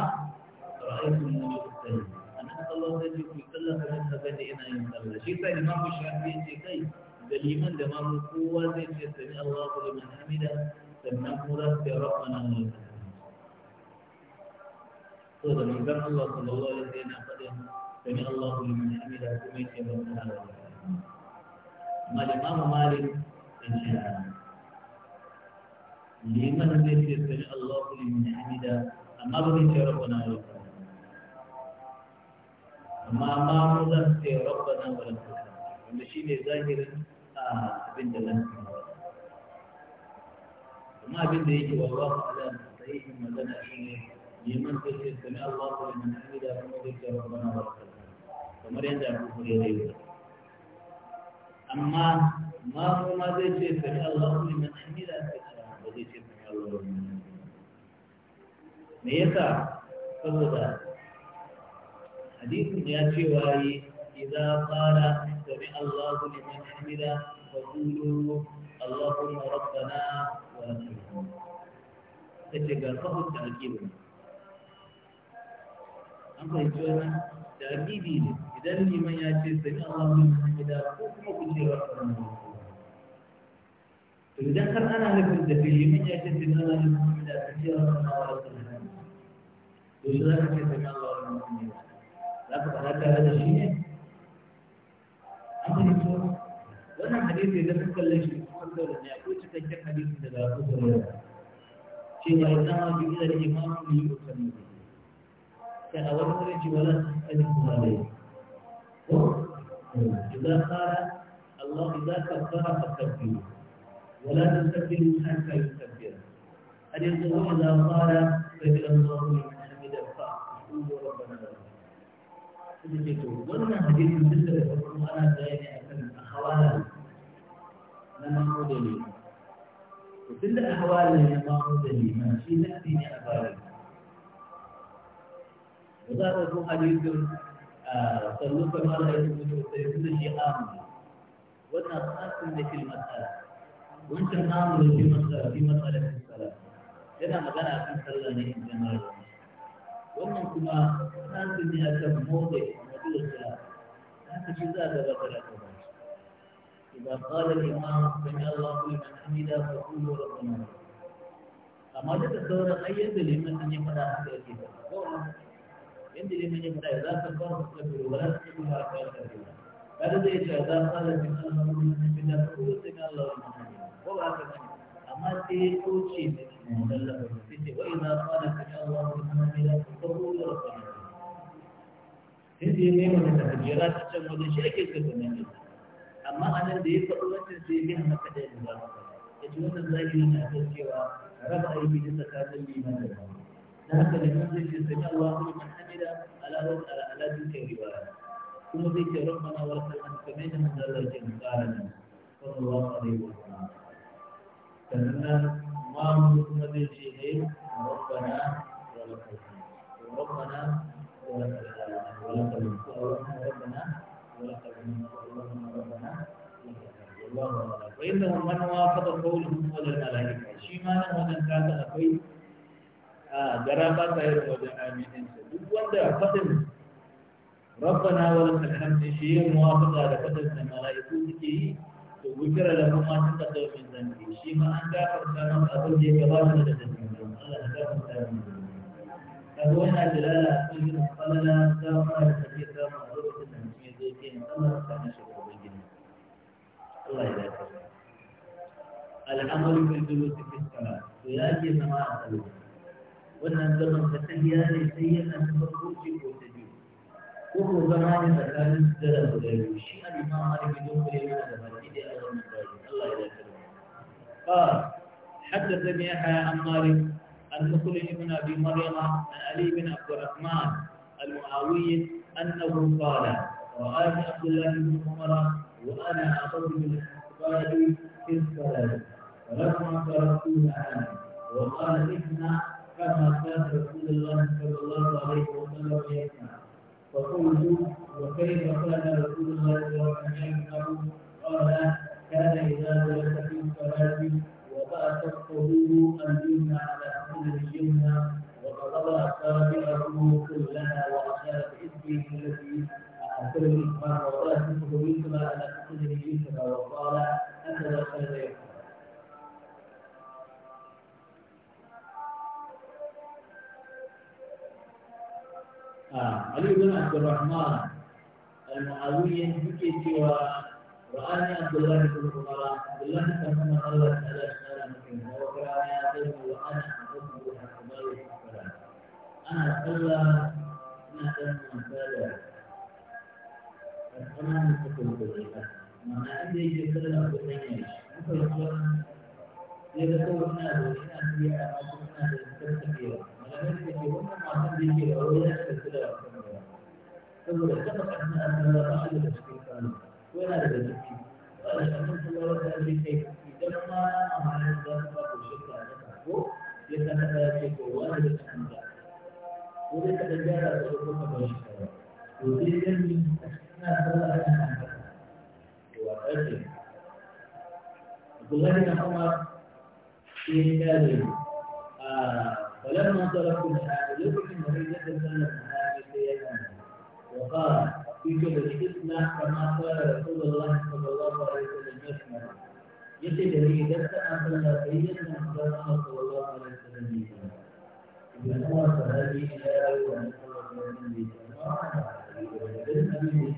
ra'aytumuni usalli annabi sallallahu alaihi wasallam ya sallah kamar kaga da ina yin sallah shi sai imamu shafi yace kai da liman da mamu kowa zai ce sami Allahu liman hamida sannan kuma za su ce rabbana lakal to da manzon Allah sallallahu alaihi wasallam yana faɗin sami Allahu liman hamida kuma yace rabbana lakal amma da imamu malik dan shi liman zai ce sami Allahu liman hamida amma ba zai ce rabbana wa lakal amma ma mu za su ce rabbana wa lakal wanda shine zahirin abin da nan amma abin da yake wallahu ala sahihin magana shine liman zai ce sami Allahu liman hamida kuma zai ce rabbana wa lakal kamar yadda abu hurairah ya yi amma ma mu ma zai ce sami Allahu liman hamida ka zai Allah me yasa saboda hadisin ya ce waye idza qala sami Allah liman hamida wa qulu Allahumma rabbana wa lakal hamd kace ga sahun ta'kibi an fahimci wannan ta'kibi ne idan liman ya ce sami Allah liman hamida ko kuma ku ce rabbana إذا كان أنا لكم دفيل من يجد أن أنا لكم إلى كثيرا من أولاد الهم وشلا كثير من الله المؤمنين لكن هذا هذا الشيء أمر يسوع وأنا حديثي إذا كنت ليش أقول أن انا تكتب حديث في اليمين شيء وإنما بإذن الإمام ليؤتم به كأول رجل ولا تسألكم عليه إذا قال الله إذا كفر فكفره ولا تستبدل حتى فيستبدله ان يقول احد قال فاذا الله من حمده فاحمده ربنا لك وانا حديث مثل القران بين اخوانا لما اردني وكل الاحوال اللي ما اردني ما في نفسي انا فارغ وقال ابو حديث آه، صلوا فما لا يكون مثل شيء امن وانا اصلا في المساله wancan namu da fi masa fi masa da fi sala yana magana a kan sallah ne in jama'a wannan kuma nasu ne a kan motsa mutuwar sala nasu shi za a gabatar da ta bashi إذا قال الإمام سمع الله لمن حمده فقولوا ربنا لك amma duka sauran ai yadda liman sun yi fada haka yake ba yadda liman ya fada za ka ba su kabiru ba za su kabiru ba ka kada zai ce za ka fara cikin alhamdulillah sai na kabiru ko ba haka amma sai ya kauce da da ya nemi da hajjira ta can shi ake kai wannan ne amma anan da wancan sai ya maka da yadda ba ya ce wannan zaki yana kan cewa raba aiki da tsakanin liman da ba haka da kan zai ce sami Allah wa hamdulillah ala wa ala ala dukkan kuma zai ce rabbana wa lakal hamd kamar yadda manzo Allah ya ce mu qala wa sallam sannan mamun na zai ce ne rabbana wala kalmi rabbana wala kalmi wala kalmi rabbana wala kalmi rabbana wala kalmi wa inna man wafaqa qawluhu wala alayhi shi ma nan wannan kaza akwai a gara ba ta yi wa jami'in duk wanda fatin rabbana wala kalmi shi ya muwafaqa da fatin malaiku suke yi to wutar da kuma matan da kai min zanbi shi ma an gafarta masa abin da ya gabata da zanbi Allah ya gafarta min kaga wannan dalala a cikin falala da ma da take samu a lokacin da mutum ya zo ke nan Allah ya sa mishi gobe gina Allah ya gafarta al'amalu bil julus fi salat to ya ke zama a sallah wannan zaman ta tahiya ne sai yana da farko ko uku zama ne tsakanin sujjada guda biyu shi al-imam malik bin yana da قال حدثني يحيى عن مالك عن مخلد بن ابي مريم عن علي بن عبد الرحمن المعاوي انه قال رايت عبد الله بن عمر وانا اخذ بالاستقبال في الصلاه فلما تركت معنا وقال اثنى كما كان رسول الله صلى الله عليه وسلم يسمع وقلت وكيف كان رسول الله صلى الله عليه وسلم قال كان إذا جلس في الصلاة وضع كفه اليمنى على حدود اليمنى وقضى أصابعه كلها وأشار بإسمه الذي أعتبر الإكمال وضع كفه اليسرى على حدود اليسرى وقال أنت خير علي بن عبد الرحمن المعاوية يكي سوى رآني عبد الله بن عمر عبد الله بن عمر الله تعالى تعالى مكين وكراني أدم وأنا أدم وحكمل أنا أتلى أنا أدم وأنا أنا أتكلم بالله ما عندي يتكلم بالله ممكن إذا كنا نحن نحن نحن نحن نحن نحن نحن نحن نحن abin da yake da wani ya da saboda kafa ƙarfin annaba ba a da cikin kano ko yana da ciki ba da shafin sallama ta ce kai idan ma na da ya sa na ɗaya ce ko wani da cikin da ko dai ka ɗan da ko ka na sallah a cikin da to a ƙarfe قال يوجد الفتنة كما قال رسول الله صلى الله عليه وسلم يسمع يجد لي دست أن لا بينا صلى الله عليه وسلم إذا هو فهذه لا أن صلى الله عليه وسلم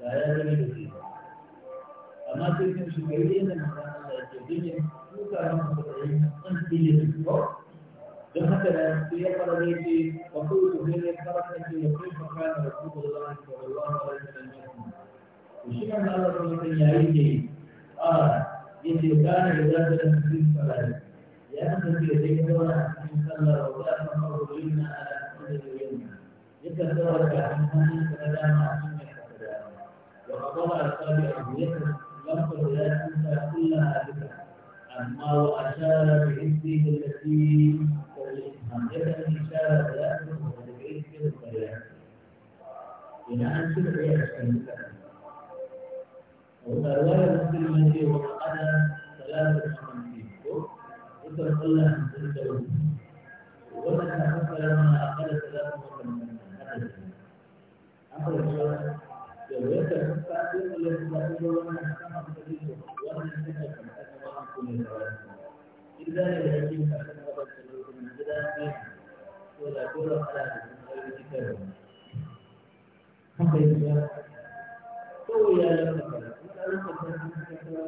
لا يزال فيه أما تلك الشيء بينا كما لا يجب أن يكون هناك أنت يجب مثلا في قدميتي وكنت بين الكرهه وكيف كان رسول الله صلى الله عليه وسلم وشنو قال الرسول صلى الله عليه وسلم قال كان اذا في الصلاه لأن في يديك دولة أن يصلى ولا تمر بين على كل اليمنى يكثر دولة أحسن فلا ما أحسن وقد ظهر الصابع بيده لا تنسى كلها ذكر أما وأشار بيده التي حقيقة إشارة ذاته وتبعيد كل الطريقة بما أن تدعي أحسن وتروي مسلم في وقد ثلاثة وخمسين ذكر الله أن تدعوه ومن أخذ لما أقل ثلاثة وخمسين أخذ الشرع لو يكتب فأقل الذي تقول ومن أحكم الحديث ومن أحكم الحديث kudin ala da kuma cikin haka yi ya kawai ya yi da kuma ɗan lokacin da suka kawo na haka yi kuma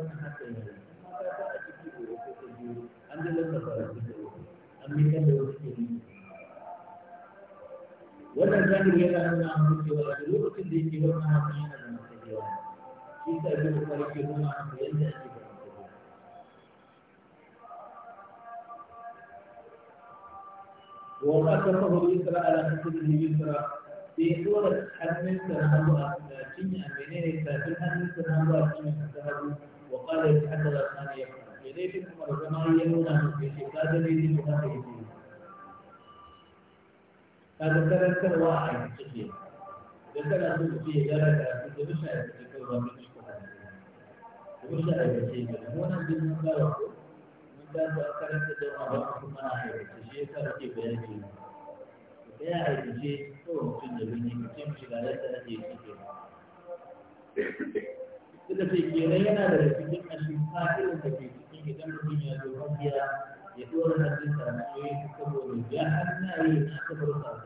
ka ta a ciki da wasu ta biyu an ji lokacin da suka yi an bi kan da wasu ke yi wannan zahiri yana nuna an cewa da lokacin da yake wannan da masu yawa biyu da وما كفه على كتبه يسرى في سورة حمل سنهض جميع منين في حمل سنهض جميع سنهض وقال يتحدث الآن يقول يليك عمر كما يلونه في شهادة ليس بهذه هذا ثلاثة واحد شخصية ذكر أبو في ذلك في المشهد في كل من يشكو هذا المشهد في كل من يشكو za su karanta da ma ba kuma a aikace shi ya sa ke bayani da ya aikace kawai mutum da bin yake ce shiga da ta ake yi ke suka ce kenan yana da cikin ashin fa'ilin da ke cikin idan mutum ya zo mafiya ya ɗora na cikin sarari saboda ya har na yi na aka bar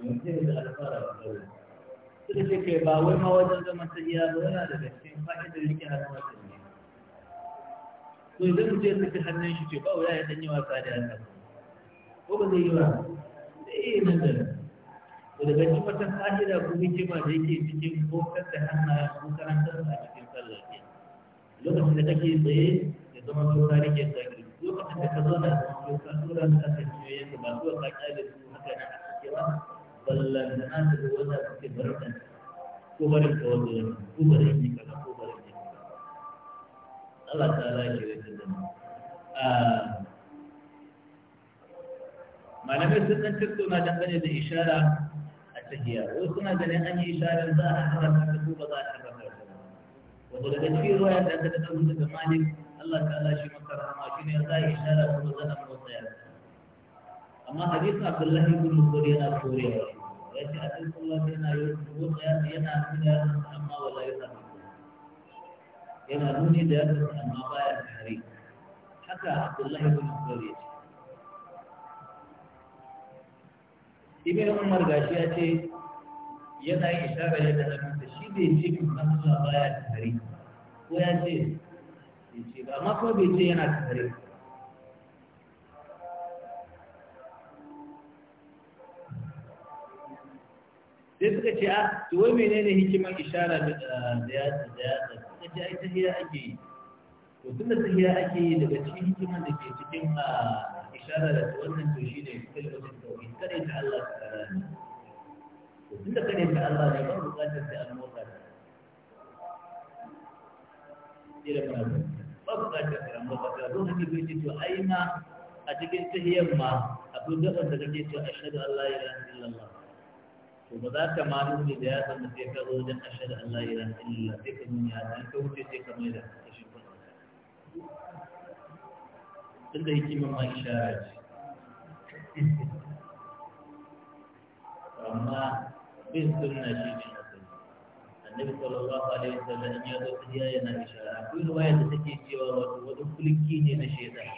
yanzu da alfara ba kawai suka ce kai ba wai ma wajen zaman ta iya ba yana daga cikin fa'idar rike hannuwa ta to idan mutum ya saka hannun shi ce ba wuya ya ɗan yi wasa da haka ko ba zai yi ba zai eh, yi nan da to daga cikin wata fa'ida ko hikima da yake cikin kokar da hannayen ko a cikin sallah ke lokacin da kake tsaye da zama to rike tsaki lokacin da ka zo da to ka tura da aka ciye ka ba ko ka kyale su haka na aka ce ba ballan da na da wanda kake barkan ko barin ka wanda ko barin ka ko barin ka Allah ta rage malamai sun ɗan tattauna dangane da ishara a tahiya wasu suna ganin an yi isharar za a haramta ta ko ba za a haramta ta wanda daga cikin ruwa ya ɗaga da ɗauki daga malik Allah ta Allah shi maka rahama shi ne za a yi ishara ko ba za a motsa ya amma hadisin Abdullahi ibn Zubair yana korewa ya ce a cikin Allah yana yi motsa ya yana nuna amma wala yana yana nuni da ya amma baya tare haka abdullahi bin zubair ya ce ibn umar gashi ya ce yana yin isharar yadda na fita shi bai ce min Allah baya tare ko ya ce bai ce ba amma kuma bai ce yana tare sai suka ce a to wai menene hikimar isharar da ya da ya suka ce ai ta hira ake yi to tun da tahiya ake yi daga cikin hikiman da ke cikin a ishara da wannan to shi ne kalmatin tauhid kare ta Allah ta rani to tun da kare ta Allah ne ba bukatar da an motsa ta ila mana ba bukatar da an motsa ta don haka bai ce to ai ma a cikin tahiyar ma akwai gaban da kake cewa ashhadu an la ilaha illallah to ba za ka ma nuni da ya san da sai ka zo wajen ashhadu an la ilaha illallah sai ka nuni ya san ka wuce sai ka mai da shi tunda hikimin man shara ce amma bin sunna shi ne annabi sallallahu alaihi wasallam ya zo tafiya yana ishara akwai riwaya da take cewa wato wani kulki ne na shaitan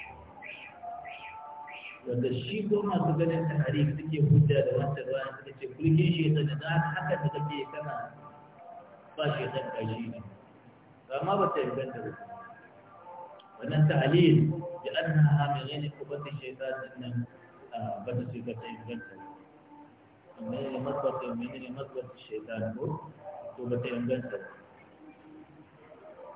wanda shi ko masu ganin tahari suke hujja da wancan ruwa suka ce kulkin shaitan da za haka da kake kana ba shaitan kashi ne amma ba ta inganta ba wannan ta'alil bi annaha min ghayri qubati shaytan annan bada shaytan inganta من المصدر آه، من المصدر الشيطان هو توبة إنجاز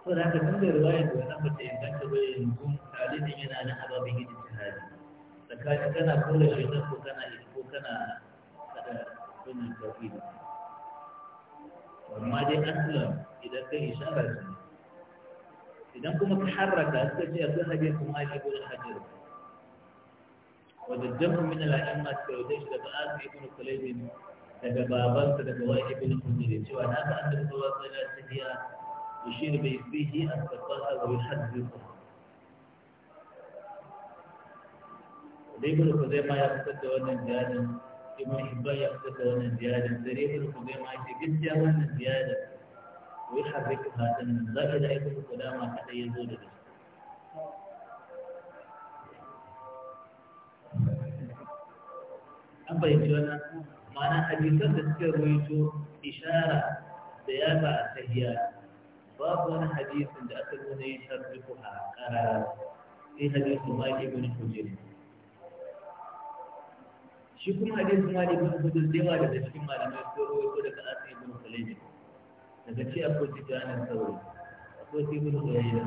فلاك من الرواية ونحو الشيطان كبير ينقوم تعليم من أن أحبا به الاجتهاد فكان كان كل الشيطان كان إشبه كان كنا التوحيد وما دي أسلم إذا كان إشارة جميل idan kuma ka harraka suka ce akwai hadisin Ali ibn Hajar wanda jamu min al-a'imma suka rauta shi daga Asim ibn Sulaym daga babansa daga Wa'id ibn Humayr cewa na ga annabi sallallahu alaihi wasallam tafiya yushir bi yadihi as-safaha wa yuhaddithu da ibn Khuzaimah ya fitar da wannan bayanin ibn Hibban ya fitar da wannan bayanin da ibn Khuzaimah ya ce gaskiya wannan bayanin ويحركها تنمو لا إذا يكون قدامها حتى يزول الجسم أبا يجونا معنى حديثة تذكر ويجو إشارة ديابة أسهياء بابنا حديث عند أكبرنا يشربكها في حديث ما يجبني حجري شكم حديث ما يجبني حجري ديوالي تشكم على ما يذكره ويقول لك أسهي بن خليجي daga ci akwai titanin sauri akwai tibin soyayya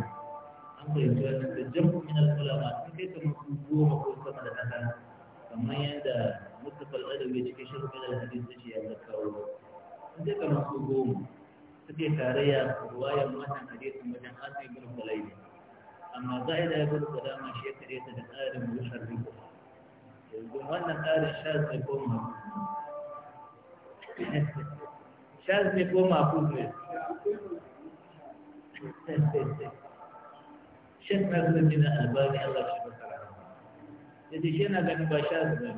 an fahimci wannan da jam'u min al-ulama sun kai kamar su goma ko sama da haka kamar yadda mustapha al-adawi cikin shirkin al-hadis da shi ya kawo sun kai kamar su goma suke tarayya ruwayar wannan hadisin wajen asibin bin kulaini amma za'ida ya gudu salama shi ya ta da tsarin mushar riko yanzu wannan tsarin sha mu Charles ne ko mafuz ne Sheikh Nasruddin Albani Allah shi masa rahama yace shi yana ganin ba Charles ne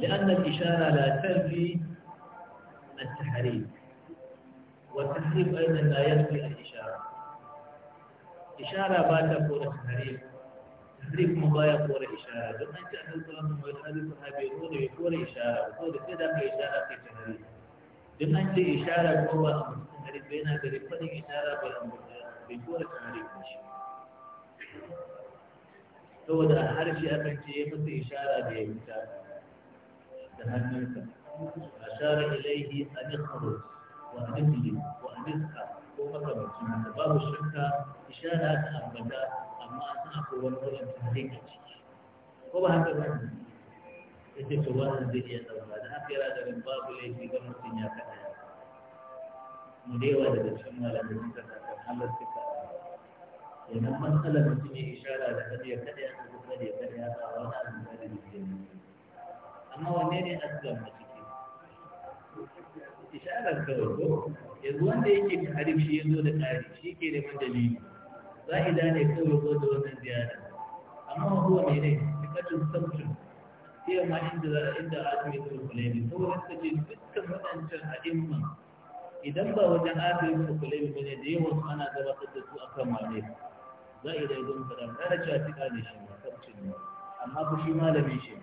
لأن الإشارة لا تنفي التحريف والتحريف أيضا لا ينفي الإشارة إشارة بات تكون تحريف ليك مضايق ولا إشارة ما أنت أهل كلام ويتحدث صحابي يقول يقول إشارة يقول كذا في إشارة في تهري لما أنت إشارة هو أمر بينها قريب فلي إشارة بالأمر بيقول تهري هو ده هر شيء أفن شيء مثل إشارة دي تهنمك أشار إليه أن يخرج وأن يجلس وأن يسحب ومكة باب الشركة إشارة أنبتات amma a san akwai wani rashin ciki ko ba haka ba ya ce to wannan zai iya ɗauka da haka yana da babu laifi ga mutum ya kaɗa ya mu da yawa daga cikin malamai suka kasa halar suka kenan matsalar mutum ya ishara da kada ya kaɗa ya kaɗa kada ya kaɗa ya ba wani abin da zai yi amma wanne ne asgar a ciki isharar kawai ko yanzu wanda yake da harif shi ya zo da tsari shi ke da dalili za'ida ne kawai zo da wannan ziyara amma huwa ne ne fikatun sabtun iya ma inda inda azumi da kulemi saboda suka ce dukkan wadancan a'imma idan ba wajen azumi da kulemi ba ne da yawan su ana gabatar da su akan mame za'ida ya zama kadan kada cewa fika ne shi ma sabtun ne amma ku shi malamin shi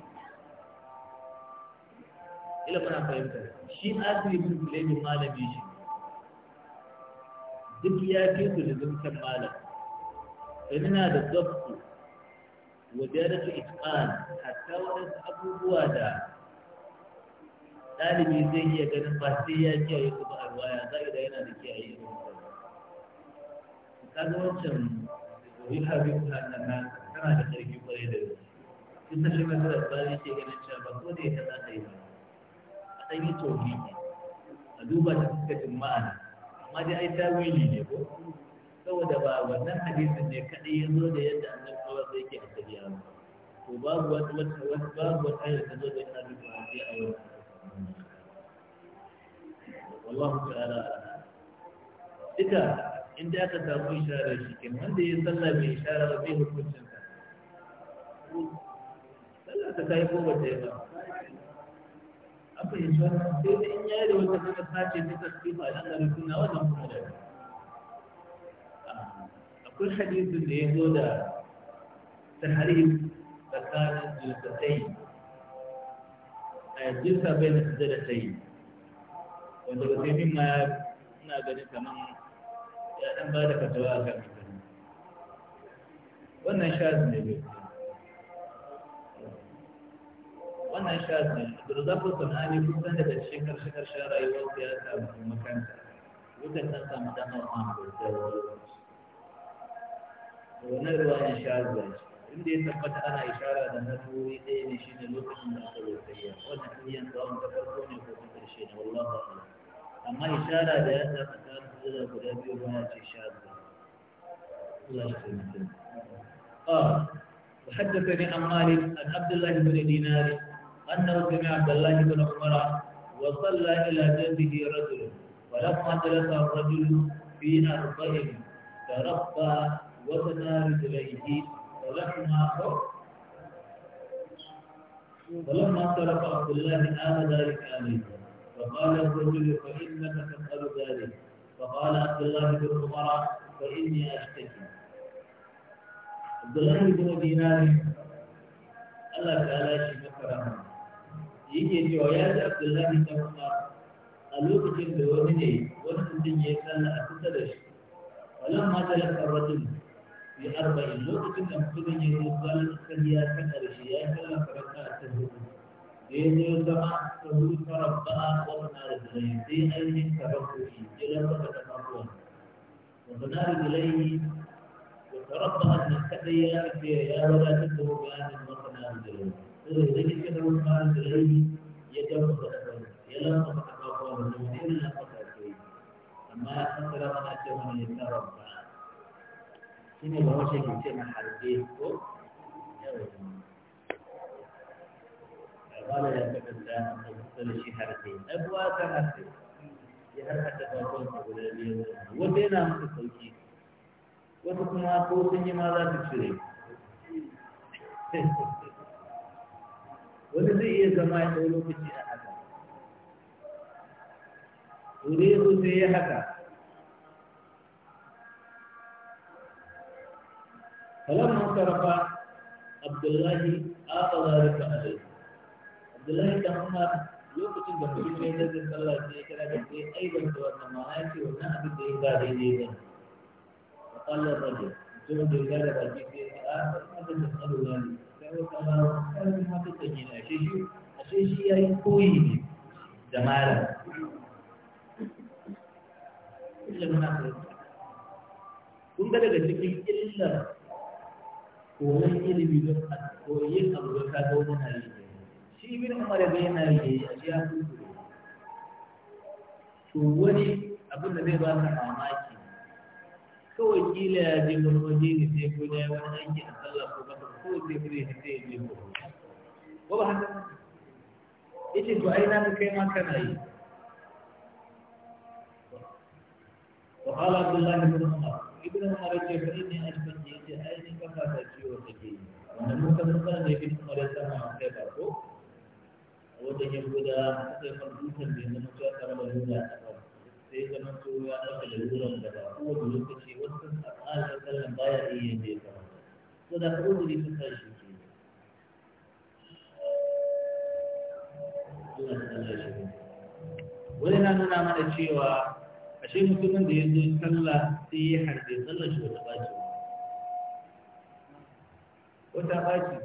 ila muna fahimta shi azumi da kulemi malamin shi duk ya fi su da zumtan malam ina da zabtu wa daratu itqan hatta waɗansu abubuwa da ɗalibi zai iya ganin ba sai ya kiyaye su ba a ruwaya za ga yana da kiyaye irin ka ga wancan yi habi ka nan tana da ƙarfi kwarai da gaske duk da shi mai da tsari ke ganin cewa ba ko da ya kaza ta yi ba a ɗan yi tobi a duba ta fuskacin ma'ana amma dai ai tawili ne ko saboda ba wannan hadisin ne kaɗai ya zo da yadda annabi sallallahu alaihi yake a tabiya ba to babu wata wata wata babu wata ayar da zo da yana nufin a tabiya a yau wallahu ta'ala duka inda aka samu isharar shi kin wanda ya sallah mai isharar bai hukuncin sa sallah ta kai ko bata yi ba an fahimci wannan sai da in yayi da wata kuma sace ta tasbiha dan garin sunna wannan kuma da akwai hadisin da ya zo da taharif tsakanin jinsatai a jinsa bai na sujadatai wanda ba sai min ma ina ganin kaman ya dan ba da fatawa a kan wannan shazin ne bai wannan shafin abdurzafin sana'ani kusan daga cikin karshe-karshen rayuwar ya samu makanta wutan ta samu damar amurka da wani wannan ruwa ishara ne inda ya tabbata ana ishara da hanyoyi ɗaya ne shi ne lokacin da aka rokayya wannan hanyar tsawon ta farko ne ko ta ƙarshe ne wallahu a'lam amma ishara da ya sa tsakanin sujada guda biyu ba ya ce shara Allah ya taimake mu ah وحدثني عن مالك عن عبد الله بن دينار انه سمع عبد الله بن عمر وصلى الى جنبه رجل فلما جلس الرجل في ارضهم تربى ولما الأيدي عبد الله آم ذلك آمين فقال الرجل فإنك تسأل ذلك فقال عبد الله بن عمر فإني أشتكي عبد الله بن دينار الله تعالى شفاك له يجي في عيادة عبد الله بن عمر ألوك جنب ومني وسط الدنيا كان أتدرش فلما تلقى الرجل لأربعين لوكتين da mutumin ya zo sallar kariya ta ƙarshe ya yi sallar farka ta hudu da ya zo zama ta hudu ta rabba a wata da zai sai ainihin tarakkoshi ya lafa da kafafuwa wata na da zai وتربى أن التحية يا ولا تدعو بأن المطنع الجليل ذلك لو كان الجليل يدعو فتحول يلا فتحول ومن إلا فتحول أما أكثر من أكثر من يتربى ini baru saya bincang dengan hadis itu. قال يا ابن الله تفضل شهرتين ابوا تنفس شهر حتى تكون تقولي ودينا متسوي وتكما قوتني ماذا تشري ولذي يا جماعه يقولوا في شيء هذا يريد سيحه فلما اعترف عبد الله اعطى ذلك عليه عبد الله تمنى لوكتي بمجرد ان يكون الله ذكر لك ايضا تورنا معاك ونحن بدي ذلك جيدا وقال الرجل جود الله بجيك يا اخر ماذا تسال الله فهو كما قال بما تتجين اشيشي اشيشي اي قوي جمالا إلا من أخذ كنت لك تكي إلا koyon ilimi don a koyi abu da ka zo mana yi shi bin umar ya yana yi a shi ya kuku to wani abin da zai ba ka mamaki kawai kila ya je wani waje ne sai ko ya wani aiki a sallah ko kasa ko sai kuma ya sai ya je ko ko ba haka ya ce to ai na ka kai ma kana yi وقال عبد الله بن عمر ابن عمر يقول اني اشبه جيتي اين كفى suke yi wanda mun san sanar da yake kuma da sama a kai ba ko a wajen yahuda sai kan dukkan da zama cewa tare da lura a kan sai zama to ya ɗauka da lura da ba kowane lokaci wasu a tsarin sallan baya iya yin da ya zama ko da ko wuri sun sa shi ke wani na nuna mana cewa ashe mutumin da ya zo sallah sai ya harbe sallar shi wata ba. ko ta ɓaci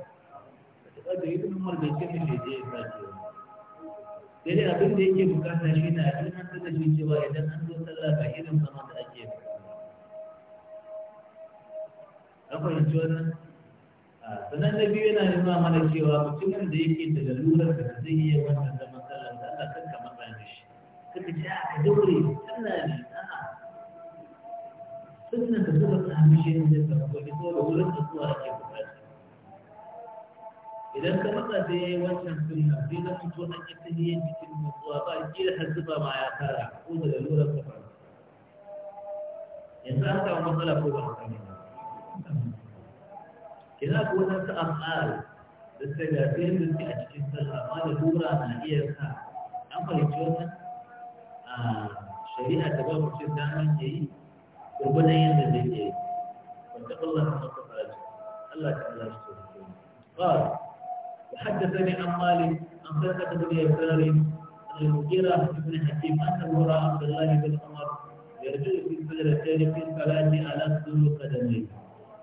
matuƙar da ibn umar bai ce mai je ya ɓaci ba sai dai abin da yake bukata shi na ilmantar da shi cewa idan an zo sallah ga irin zama da ake yi an fahimci wannan sannan na biyu yana nuna mana cewa mutumin da yake da lalurar da zai iya wannan zaman sallah da Allah kan ka matsa mishi kaka ce ah, a daure sallah ne sunna da suka sami shi ne da farko ne ko da wurin da zuwa ake idan ka matsa da ya yi wancan sunna sai na fito an yi tahiyar jikin mutuwa ba kila har zuba ma ya tara ko da lalurar ka ba yanzu an samu matsala ko ba a samu ba kina ko wata ta af'al da ta gafe da suke a cikin sallah amma da lura na iya sa an fahimci wannan a shari'a da ba mutum daman ya yi gurgunan yadda zai ke yi wanda Allah ta masa faraji Allah ta Allah shi ta Qala حدثني عن مالك عن سلمة بن يسار عن المغيرة بن حكيم أن رأى عبد الله بن عمر يرجو في الفجرتين في الصلاة على صدور قدمي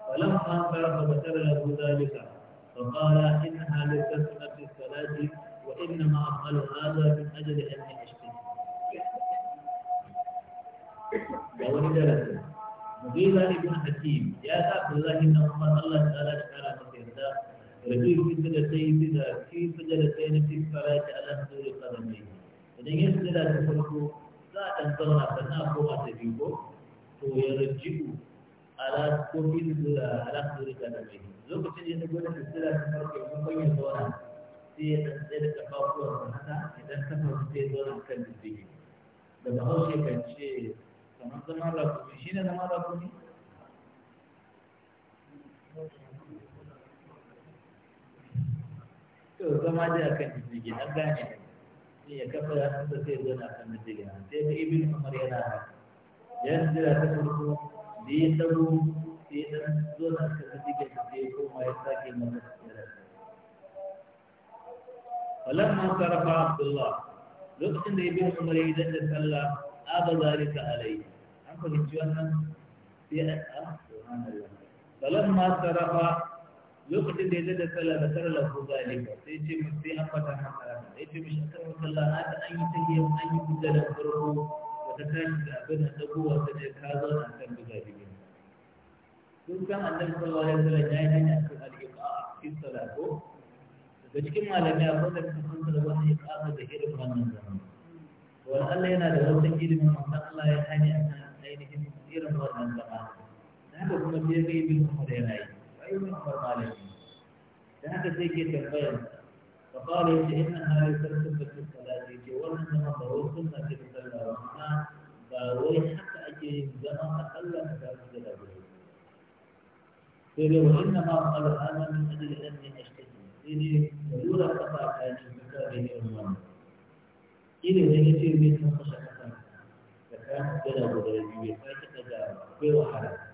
فلما أنكر ذكر له ذلك فقال إنها لتسمى في الصلاة وإنما أفعل هذا من أجل أني أشتكي وولد له مغيرة بن حكيم يا عبد الله بن عمر الله تعالى يجيب في سجدتين بذا في سجدتين في الصلاة على حضور قدميه إذا يسجد الفرق لا تنظر فنا قوة تبيكو ويرجع على كل على حضور قدميه لو كنت يقول في الصلاة الفرق يمكن يدورها في ya tsaye da إذا haka في دورا كنت zo لما هو شيء كان شيء ce kamar zaman rakumi shi ne zaman zama dai a kan jirgin an gane sai ya kafa ya tsanta sai ya zauna kan jirgin sai ga ibin umar yana haka yan jira ta farko da ya tsaro sai dan zauna kan jirgin sai ya koma ya sake masa tsira falamma karafa abdullah lokacin da ibin umar ya idan da sallah aba zalika alai an fahimci wannan sai a subhanallah falamma karafa lokacin da ya da sallah da sallah ko zalika sai ce mu sai an fata masa sai ce mu shakar sallah na ta an yi ta yi an yi kudda da farko da ta tashi da abin da dagowa ta ce ka zo na kan buga biyu Sun san annabi sallallahu alaihi wasallam ya yi hanya kan al-iqa fi sallah ko Daga cikin malamai akwai da suka san da wani iqa da hirin wannan zamani wani Allah yana da wata ilimin manzon Allah ya hanya kan ainihin irin wannan zamani da haka kuma sai ya ga ibn Umar yana yi كثير من العالمين لهذا زي كده الخير فقال يجي إنها ليست في الصلاة يجي وإنما ضرور سنة في الصلاة ومعناه فوي حتى أجل زمان أقل فكانت الأبوين سيدي وإنما قال هذا من أجل أن يشتكي سيدي ولولا قطع كان بكاره أمام إلى ذلك يجي من مشاكل فكانت الأبوين يجي فاكت أجاب في وحرم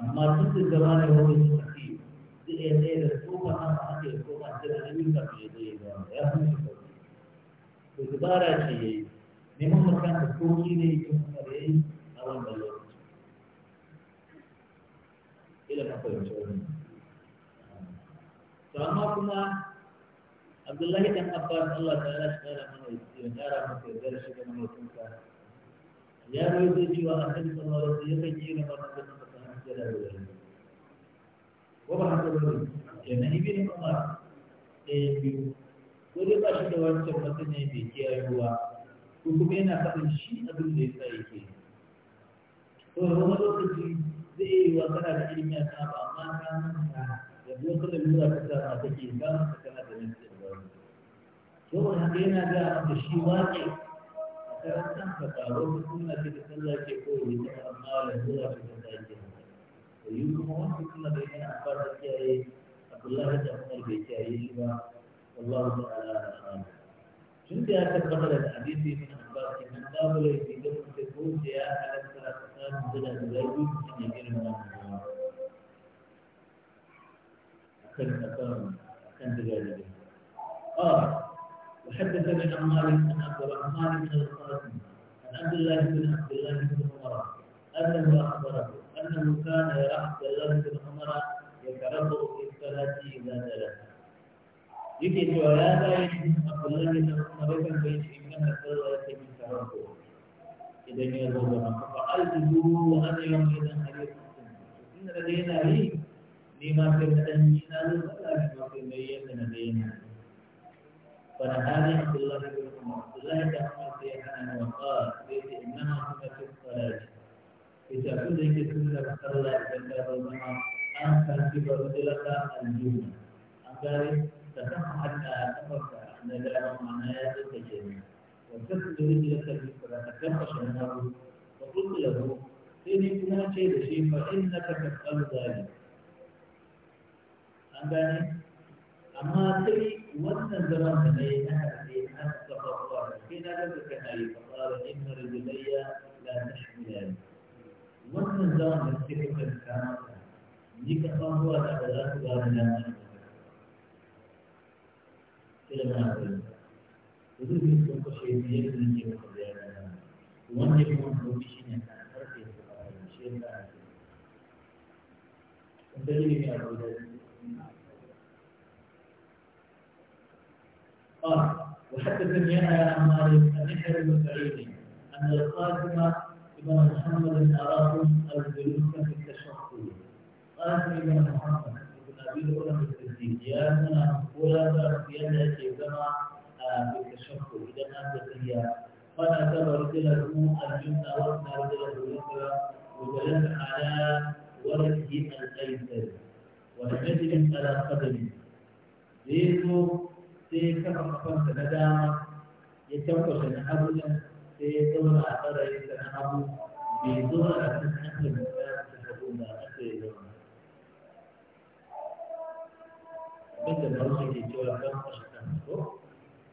amma duk da gaba da wani suke zai iya tsaye da tsofa an ake tsofa sai da abin da mai zai ya fi shi sauki to dubara ce ya yi neman mutum da sauki ne yake kuma da ya yi a ya lokaci ila mafahimci wani to amma kuma Abdullahi dan Abbas Allah ta'ala shi mana ya kara masa yarda shi ga mahaifinsa ya rawaito cewa annabi sallallahu alaihi wasallam yakan yi ko ba haka ba ne kenan ibn biyu ko dai da wancan masana bai ke ruwa ko kuma yana shi abin da ya sa yake to wani lokaci zai yi wa kana da ilimi a kan ba amma ka manta da duk wata lura ta ma take ba ka kana da nan to haka yana ga da shi wake, a karan kanka ba wani suna ce da sallah ke koyi ta amma da ta yi kuma wanda kuma bai kan abbas da kiyaye abdullahi da umar bai kiyaye shi ba wallahu ta'ala a'lam tun da ya tabbata da hadisi min abbas min babu laifi da kuma ko da ya halatta a tsakanin da da zai ne irin wannan akan akan akan da gari ah وحدثني عن مالك بن عبد الرحمن بن القاسم عن عبد الله بن عبد الله بن عمر انه اخبره أنه كان يأخذ الله بن عمر يتربع في الصلاة إذا جلس yake cewa ya zai abdullahi da kuma rikan bai shi in kana sallah yake min tarawih idan ya zo gaba ka fa aljihu wa ana yawm idan hadith in da dai yana yi ni ma sai na dan yi na zo sallah ni ma sai mai yanda na dai yana fa na hadi abdullahi bin umar abdullahi da umar sai ya hana wa qala sai inna ma kuma fi salati yace abin da yake sunnar sallah idan ka zo zama an karfi ba wani laka aljuna an gane da kan haɗa kafarka na dama ma'ana ya tsaka ke ne wa tasbiru da yake bi kula ta kafa shanaru wa kullu lahu sai ni kuma ce da shi fa innaka tasalu zalik an gane amma sai wannan zaman da na yi na haɗe na kafa kuwa sai na daga kana yi fa qala inna rijlayya la tashmilani وكان زمان يستحق الكلام عنه يجي كم هو تعبدات بعد نعمة إلى ما أقول وده بيسوق شيء من يكون يجي مقبلة وان يكون هو بيشي نعمة تركي سبحانه شيء ما أقول انت ليه ما أقول آه وحتى الدنيا يا أمار أن يحرم سعيدي أن القادمة إمام محمد أراكم الجلوس في التشهد قال إمام محمد بن أبي بكر الصديق يا سنة ولا تعرف يدك كما في التشهد إذا أنت هي فأتى رجله الجنة وأتى رجله اليسرى وجلس على ورده الأيسر ولم يجلس على قدمه ليسوا سيكفر قفص لدامه يتوقف عن أبدا sai ya zauna a ɓarayin da na hagu bai zauna a kan hakan da ta hagu ba aka yi zauna. Abin da ke cewa kan kwashe kan ko?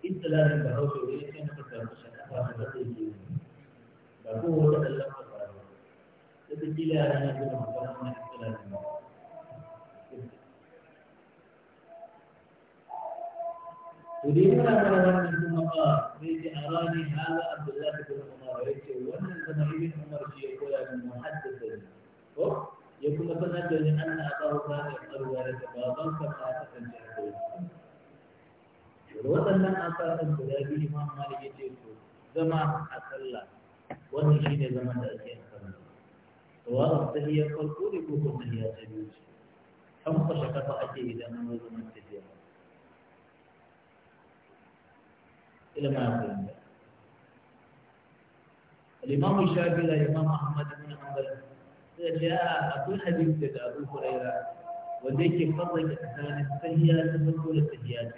Ittalarin Bahaushe wani kan kwashe kan kwashe kan kwashe kan kwashe kan ba ko wani ɗan lafa ba ne. Wata kila na zuwa magana na ittalarin ba. عمر يجي أراني هذا عبد الله بن عمر يجي وأنا لما ابن عمر شيء يقول أنا محدثني يكون فنجني أن أباه ta يقر ولد بابا فقاعدة جاهل waɗannan asarin guda biyu imam malik ya ce to zama a sallah wannan shi ne zaman da ake sallah tawara ta iya farko ne ko kuma ya ta biyu kafa ake idan mun zama tafiya إلى ما يقول الله الإمام الشافعي الإمام أحمد بن حنبل جاء أقول حديث كذا أبو هريرة وذيك فرق أثناء التهيئة تفرق والتهيئة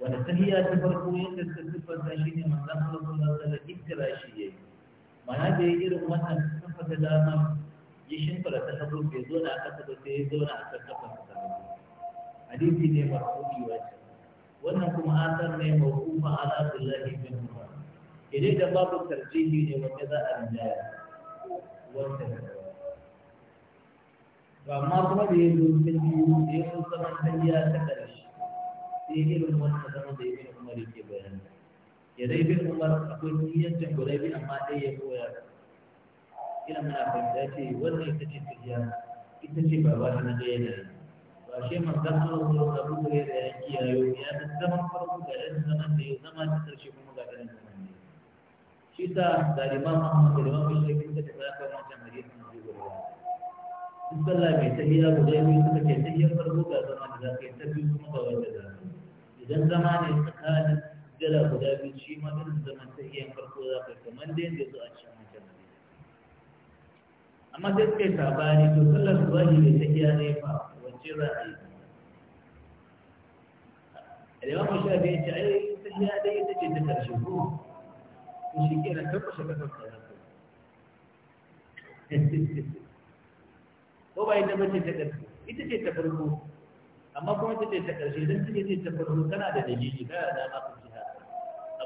والتهيئة تفرق يتسلسل تاشيني من نقل صلى الله عليه وسلم ما معنى بيجير أمنا تسلسل تداما يشن فلا تحضر في زونة أكتب في زونة أكتب في حديثي دي مرحوكي واجه wannan kuma asar ne mawqufa ala abdullahi bin umar idan da babu tarjihi ne wanda za a rinjaya wannan to amma kuma da ya zo ta biyu da ya zo zaman tafiya ta ƙarshe sai irin wannan zaman da ibn umar yake bayani ya dai bin umar akwai niyyancin guda biyu amma ɗaya ya koya ina muna fahimta ce wannan ita ce tafiya ita ce ba ba ta na ɗaya da ashe manzan Allah su da abu da ya kiyaye ya da zaman farko ga irin zaman da ya zama ta karshe kuma ga irin zaman da shi ta da limam Ahmad da limam Shafi ta ta ka wancan hadisin da ya in sallah mai tahiyya guda biyu suka ce tahiyyar farko ga zaman da za ka yi ta biyu kuma ga wanda za ka idan zama ne tsakanin jira guda biyu shi ma irin zaman tahiyyan farko za ka yi kamar da yadda zo a cikin wancan amma sai suka yi sabani to sallar su ba ne mai tahiyya ne fa إلى الإمام الشافعي الشعري في هذه تجد ترجمه مشكلة كم شبه القرآن هو عندما تتكلم إذا تتكلم أما كم تتكلم إذا تتكلم كان هذا دليل هذا ما في هذا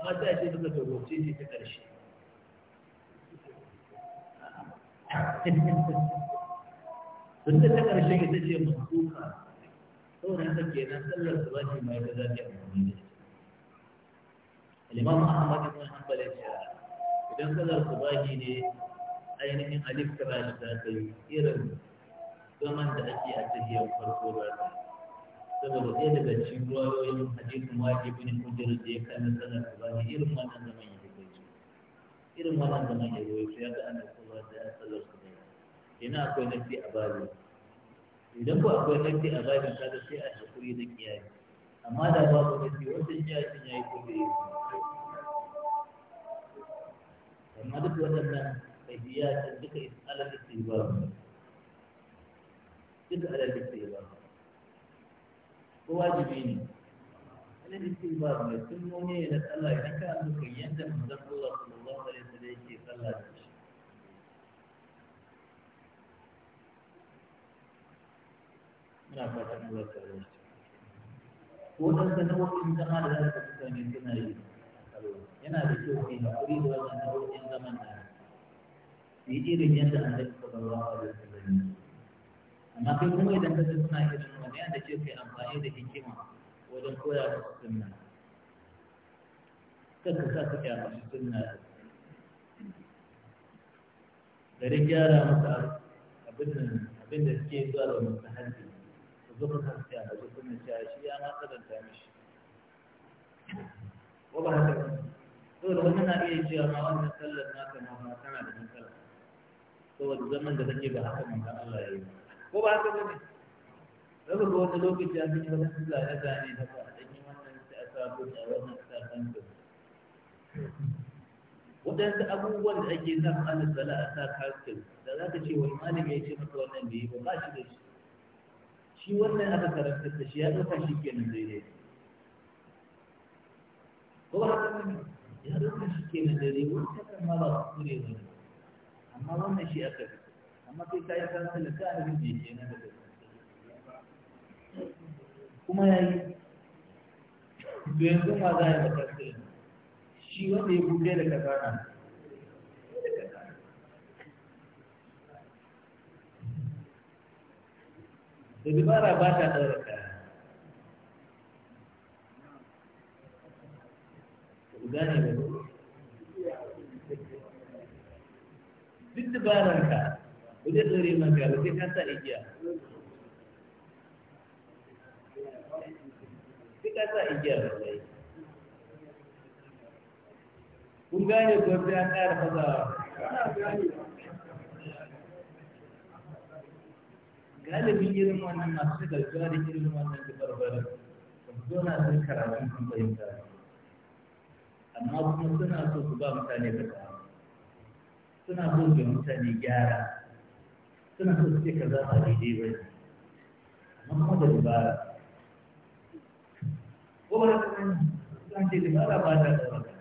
أما تأتي من الدروس إذا تتكلم tunda ta ƙarshen ita ce masbuka saboda haka kenan sallar su ba shi ma ita za ta amfani da ita al-imam ahmad ibn hanbal ya ce idan sallar su ba shi ne ainihin alif kira da ta kai irin zaman da ake a tahiyar farko ba ta saboda ɗaya daga cikin ruwayoyin hadisin wajibi ne hujjar da ya kalli sallar su ba shi irin wannan zaman ya rubuta irin wannan zaman ya rubuta ya ga annabi sallallahu alaihi wasallam ina akwai nafi a babin idan ba akwai nafi a babin kada sai a hakuri da kiyaye amma da babu nafi wannan ya yi ya yi ko da yi amma duk waɗannan ƙaidiyatan duka alal istihbab duka alal ba ko wajibi ne alal ba mai sun nune da Allah ya ka an duka yanda manzon Allah sallallahu alaihi wasallam yake sallah muna fatan Allah ta yi waɗansa nau'o'in zama da za ka mutane suna yi yana da kyau kai haƙuri da wannan nau'o'in zaman na su yi irin yadda a annabi sallallahu alaihi wasallam amma kai kuma idan ka suna irin wani yana da kyau kai amfani da hikima wajen koya musu sunna kar ka sa suke masu sunna garin gyara masa abin da suke zuwa da musu hajji suka kasance a bakin sunan cewa shi ya ma tsananta mishi ko ba haka ba saboda wani na iya cewa ma wannan sallar naka ma ma tana da matsala saboda zaman da kake ba haka manzon Allah ya yi ko ba haka ba ne saboda wani lokaci a cikin wani sallah ya gane da ba a cikin wannan sai a sabo da wannan sabon da waɗansu abubuwan da ake sa ma'anar a sa kaskin da za ka ce wani malami ya ce maka wannan bai yi ba ba shi da shi shi wannan aka karantar da shi ya ɗauka shi kenan daidai ko ba haka ne ya ɗauka shi kenan daidai wancan kan ma ba su kure ba ne amma wannan shi aka fi amma sai ta yi karantar da ta abin da yake na daga kuma ya yi to yanzu ma za a yi makarantar shi wanda ya buɗe da kasana da dubara ba ta ɗaura kaya gane duk ka ba zai maka ba ka igiya sai ka igiya ba zai kun gane ko sai an fasawa galibin irin wannan masu gargawa da irin wannan dabarbarin ba su zauna sun karatun sun fahimta amma kuma suna so su ba mutane kaza suna so ga mutane gyara suna so su ce kaza ba daidai ba amma kuma da ko dabara gobe sun ce dabara ba ta da wata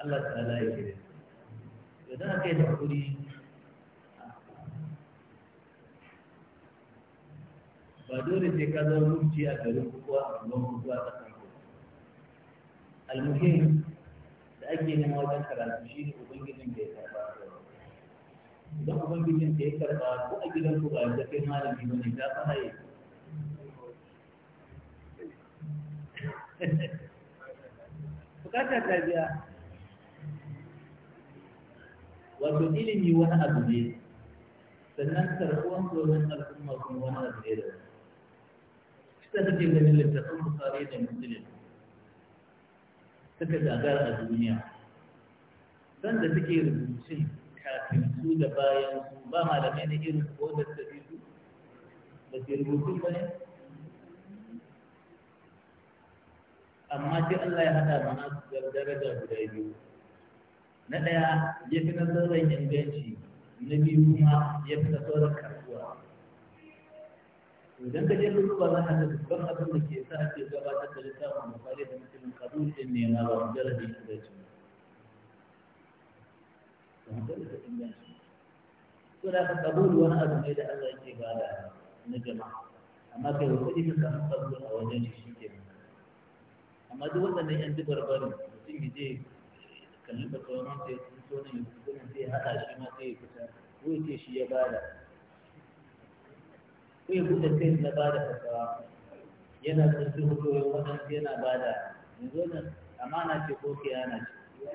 Allah ta'ala ya kire. Idan aka yi da hakuri ba dole sai ka zama rubuci a garin kuwa a ruwan kuwa a ƙasar kuwa almuhim da ake nema wajen karatu shi ne ubangijin da ya karɓa idan ubangijin da ya karɓa ko a gidan ku ba da kai malami ba ne ta fara yi bukata ta biya wato ilimi wani abu ne sannan karɓuwan domin al'umma kuma wani abu ne da wani sai kake ganin littafin bukari da musulun suka zagar a duniya sanda suke rubuce kafin su da bayan su ba malamai na irin ko da tafi su da ke rubutu ba ne amma sai Allah ya hada mana da daraja guda biyu na ɗaya ya fi na sauran inganci na biyu kuma ya fi na sauran kasuwa idan ka je ka duba za ka ga duk abin da ke sa ake gabatar da littafin bukari da mutumin ka din ne na ba mujarrabi shi da shi to da ka kabulu wani abu ne da Allah yake bada na jama'a amma kai wani ka samu kabul a wajen shi shi ke amma duk wannan yan dubar bari mutum ya je kalli da kawai ma sai sun so ne ya kusa sai haɗa shi ma sai ya kusa ko ya ce shi ya bada ko ya buɗe kai na ba da fasawa yana tsinci hukumin waɗansu yana ba da yanzu nan amana ce ko kiyana ce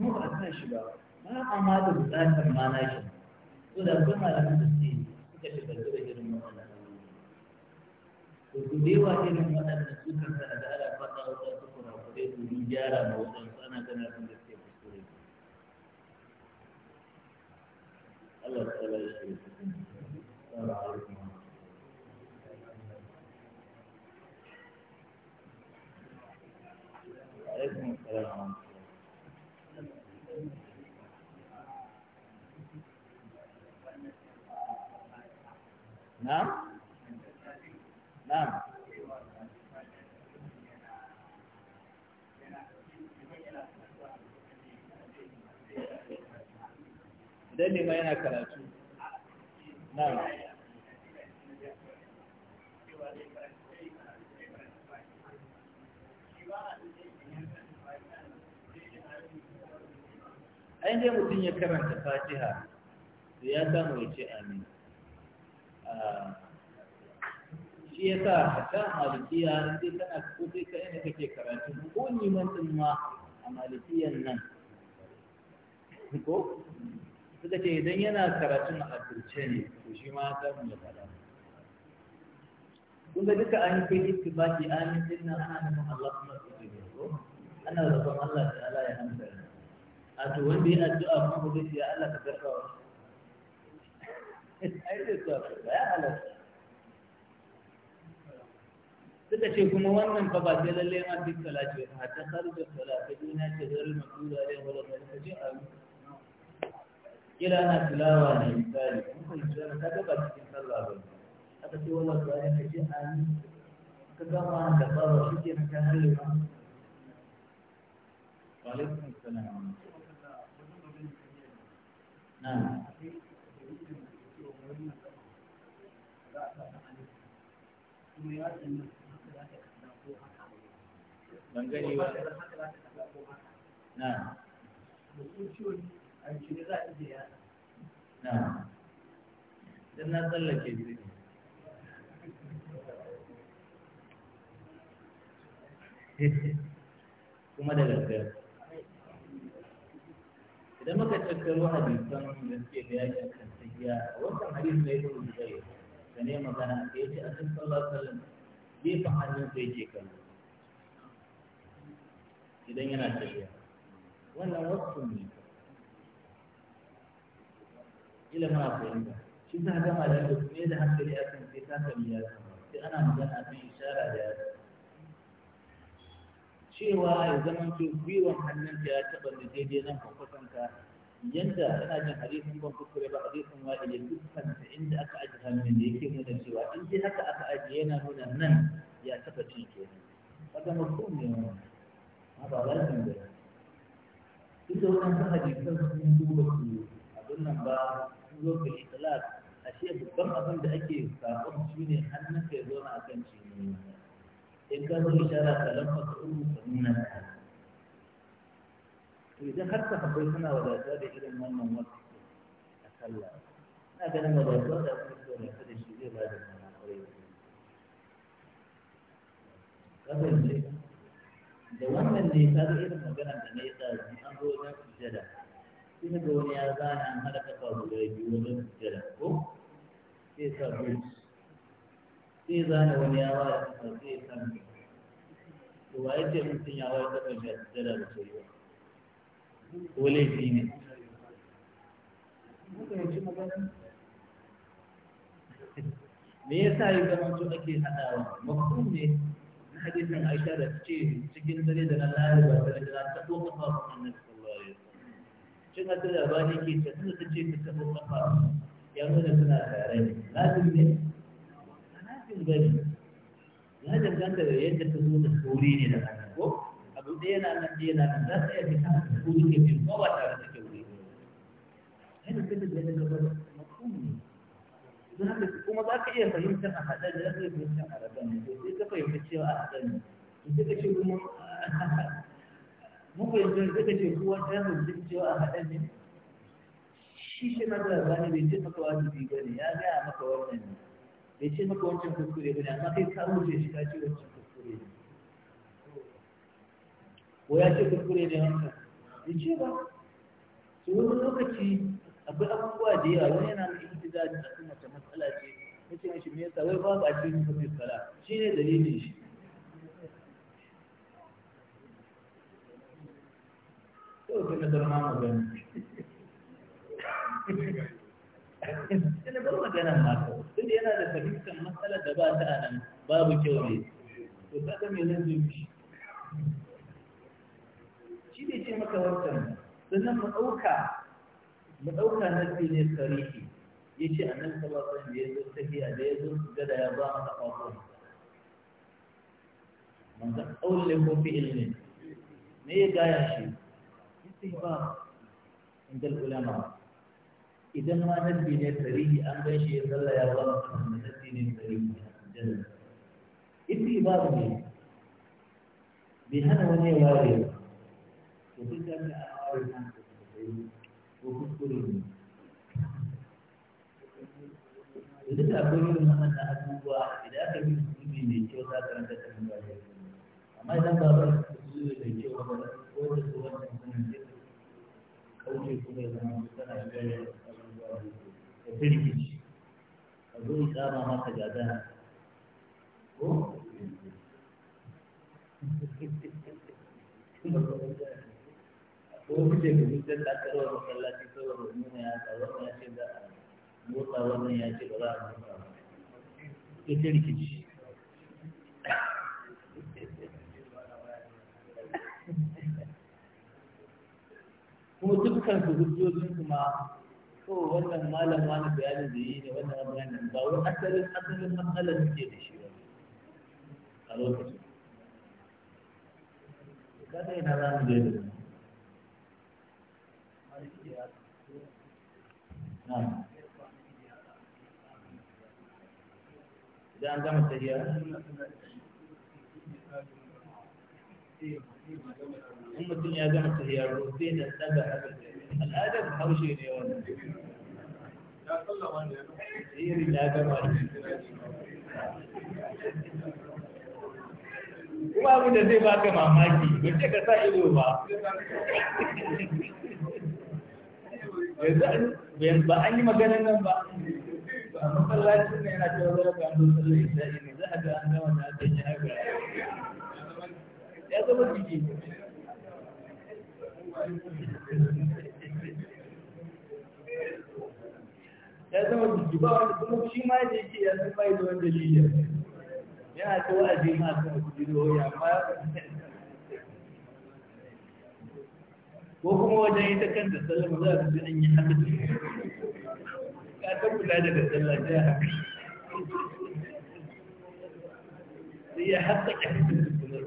mu a kan shi ba na amma da buƙatar ma shi ko da kuma da da suke suka shiga da irin waɗannan to ku dewa irin waɗannan suka sa da ala fata wata su kurakurai domin gyara ma waɗansu ana gana sun da Allah ta نعم نعم sai ne ma yana karatu na An dai mutum ya karanta fatiha da ya samu ya ce amin ah, shi ya sa a kan malikiya sai kana ko sai ka yana kake karatu ko niman ɗin ma a malikiyan nan ko suka ce idan yana karatun a turce ne to shi ma ta mu fada kun ga duka an kai ittibaki amin din nan ana nufin Allah kuma su ce ko ana roƙon Allah ta Allah ya amsa a to wanda ya addu'a kuma ku ce ya Allah ka karɓa wa ai sai to ya Allah suka ce kuma wannan fa ba sai lalle ma duk salati ba ta kharijat salati duniya ce zarin mabuda ne wala ta ji amin kila ana tilawa ne misali kun fahimci wani ka ba cikin sallah ba aka ce wannan zuwa ka ce amin ka gama da fara shi ke na kan halima alaikum salam na ban gani ba na a shirye za a iya yada na dan na tsallake biyu kuma da gaske idan muka tattaro hadisan da suke bayani kan tafiya wannan hadisi ne ibn Zubair da ne magana da yace a sallallahu alaihi wasallam bai fa hannun sai yake kallo idan yana tafiya wannan wasu ne ila ma fahimta shi ta ga malamai da kuma da hankali a kan sai ta sami ya sai ana magana a kan ishara da ya cewa ya zama to gwiwan hannunta ya taɓa da daidai nan kwakwatanta yadda ana jin hadisin ban kuskure ba hadisin wa ile dukkan ta inda aka aji hannun da yake nuna cewa in dai haka aka aji yana nuna nan ya taɓa ci kenan kaga mutum ne ma ba lafiyan da duk da wannan hadisan sun duba su abin nan ba lokacin ikhlas ashe babban abin da ake sakon shi ne hannun ka ya zauna a kan shi ne in ka zo ishara ka lamfa ka uru ka nuna to idan har ka haɓai suna wadatuwa da irin wannan wasu a sallah na ganin wadatuwa da kuma su wadatuwa da shi zai ba da mana kwarai kasance da wannan ne ta irin magana da na yi tsari an zo wajen sujada sai da wani ya zana an haɗa kafa guda biyu wajen sujjada ko sai sa boots sai zana wani ya da kafa sai ya san to wa ya ce mutum ya ware kafa shi a sujjada da soyayya ko laifi ne me yasa ya zama to ake haɗawa mafhum ne na hadisin Aisha da ce cikin dare da na lalace ba da na tabo kafa annabi cin hadda da ba ke ta tunda ta ce ta taɓa kafa ya nuna suna tare ne lazim ne lazim ba ne ya danganta da yadda ta zo da sauri ne da hannun ko abu da yana nan da yana nan za ta iya fita da sauri ke fi ba tare da kyau ne yana fita da yadda gaba da makon ne haka kuma za ka iya fahimtar a haɗa da za ka iya fahimtar a rabar ne sai ka fahimta cewa a haɗa ne sai ka ce kuma ah, muku yanzu da kake ruwan ta rubutun cewa a haɗa ne shi shi na da zane bai ce maka wani ba ne ya gaya maka wannan ne bai ce maka wancan kuskure ba ne amma kai ka wuce shi ka ce wancan kuskure ne ko ya ce kuskure ne haka? bai ce ba su wani lokaci akwai abubuwa da yawa wani yana mai ihtijaji a kan wata matsala ce ya ce mashi me yasa wai babu a cikin kuskure sala shi ne dalilin shi Yau sai na zama magana. Sai na bar magana mako? kawai. Sai da yana da fahimtar matsalar da ba ta a nan babu kyau ne. To ka ga nan zan Shi ne ce maka wancan. Sannan mu ɗauka mu ɗauka na ne sarihi. Ya ce a nan sallallahu alaihi wasallam da ya zo tafiya da ya zo gada ya ba mu kafafuwansa. Manzan ƙaunin laifofin ilimin. Me ya gaya shi? استهبار عند العلماء إذا ما نبي نفري أن بشي يصلى يا الله من نبي نفري جل استهبار لي بهنا وني واري وكل ذلك أنا واري sai rikici kuma dukkan su hujjojin su ma to wannan malam wani bayanin da yi ne wannan bayanin ba wani asalin asalin matsalar ke da shi wani a lokacin kada yana ranar da yadda na da an gama tahiya in mutum ya gama tahiya na sai da daga al'adar haushe ne wannan ya sallama ne ya gama kuma abin da zai baka mamaki wace ka sa ido ba yanzu ba an yi maganin nan ba masallacin yana za a ga aka yi haka ya zama jiki ya zama ba wanda kuma shi ma da yake ya san bai da wanda shi yana ta wa'azi ma kan kujiroyi amma ko kuma wajen ita kanta sallama za a fi an yi haka ka ta kula da da sallaci ya haka sai ya hatta ƙarfi kuma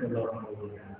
sannan ya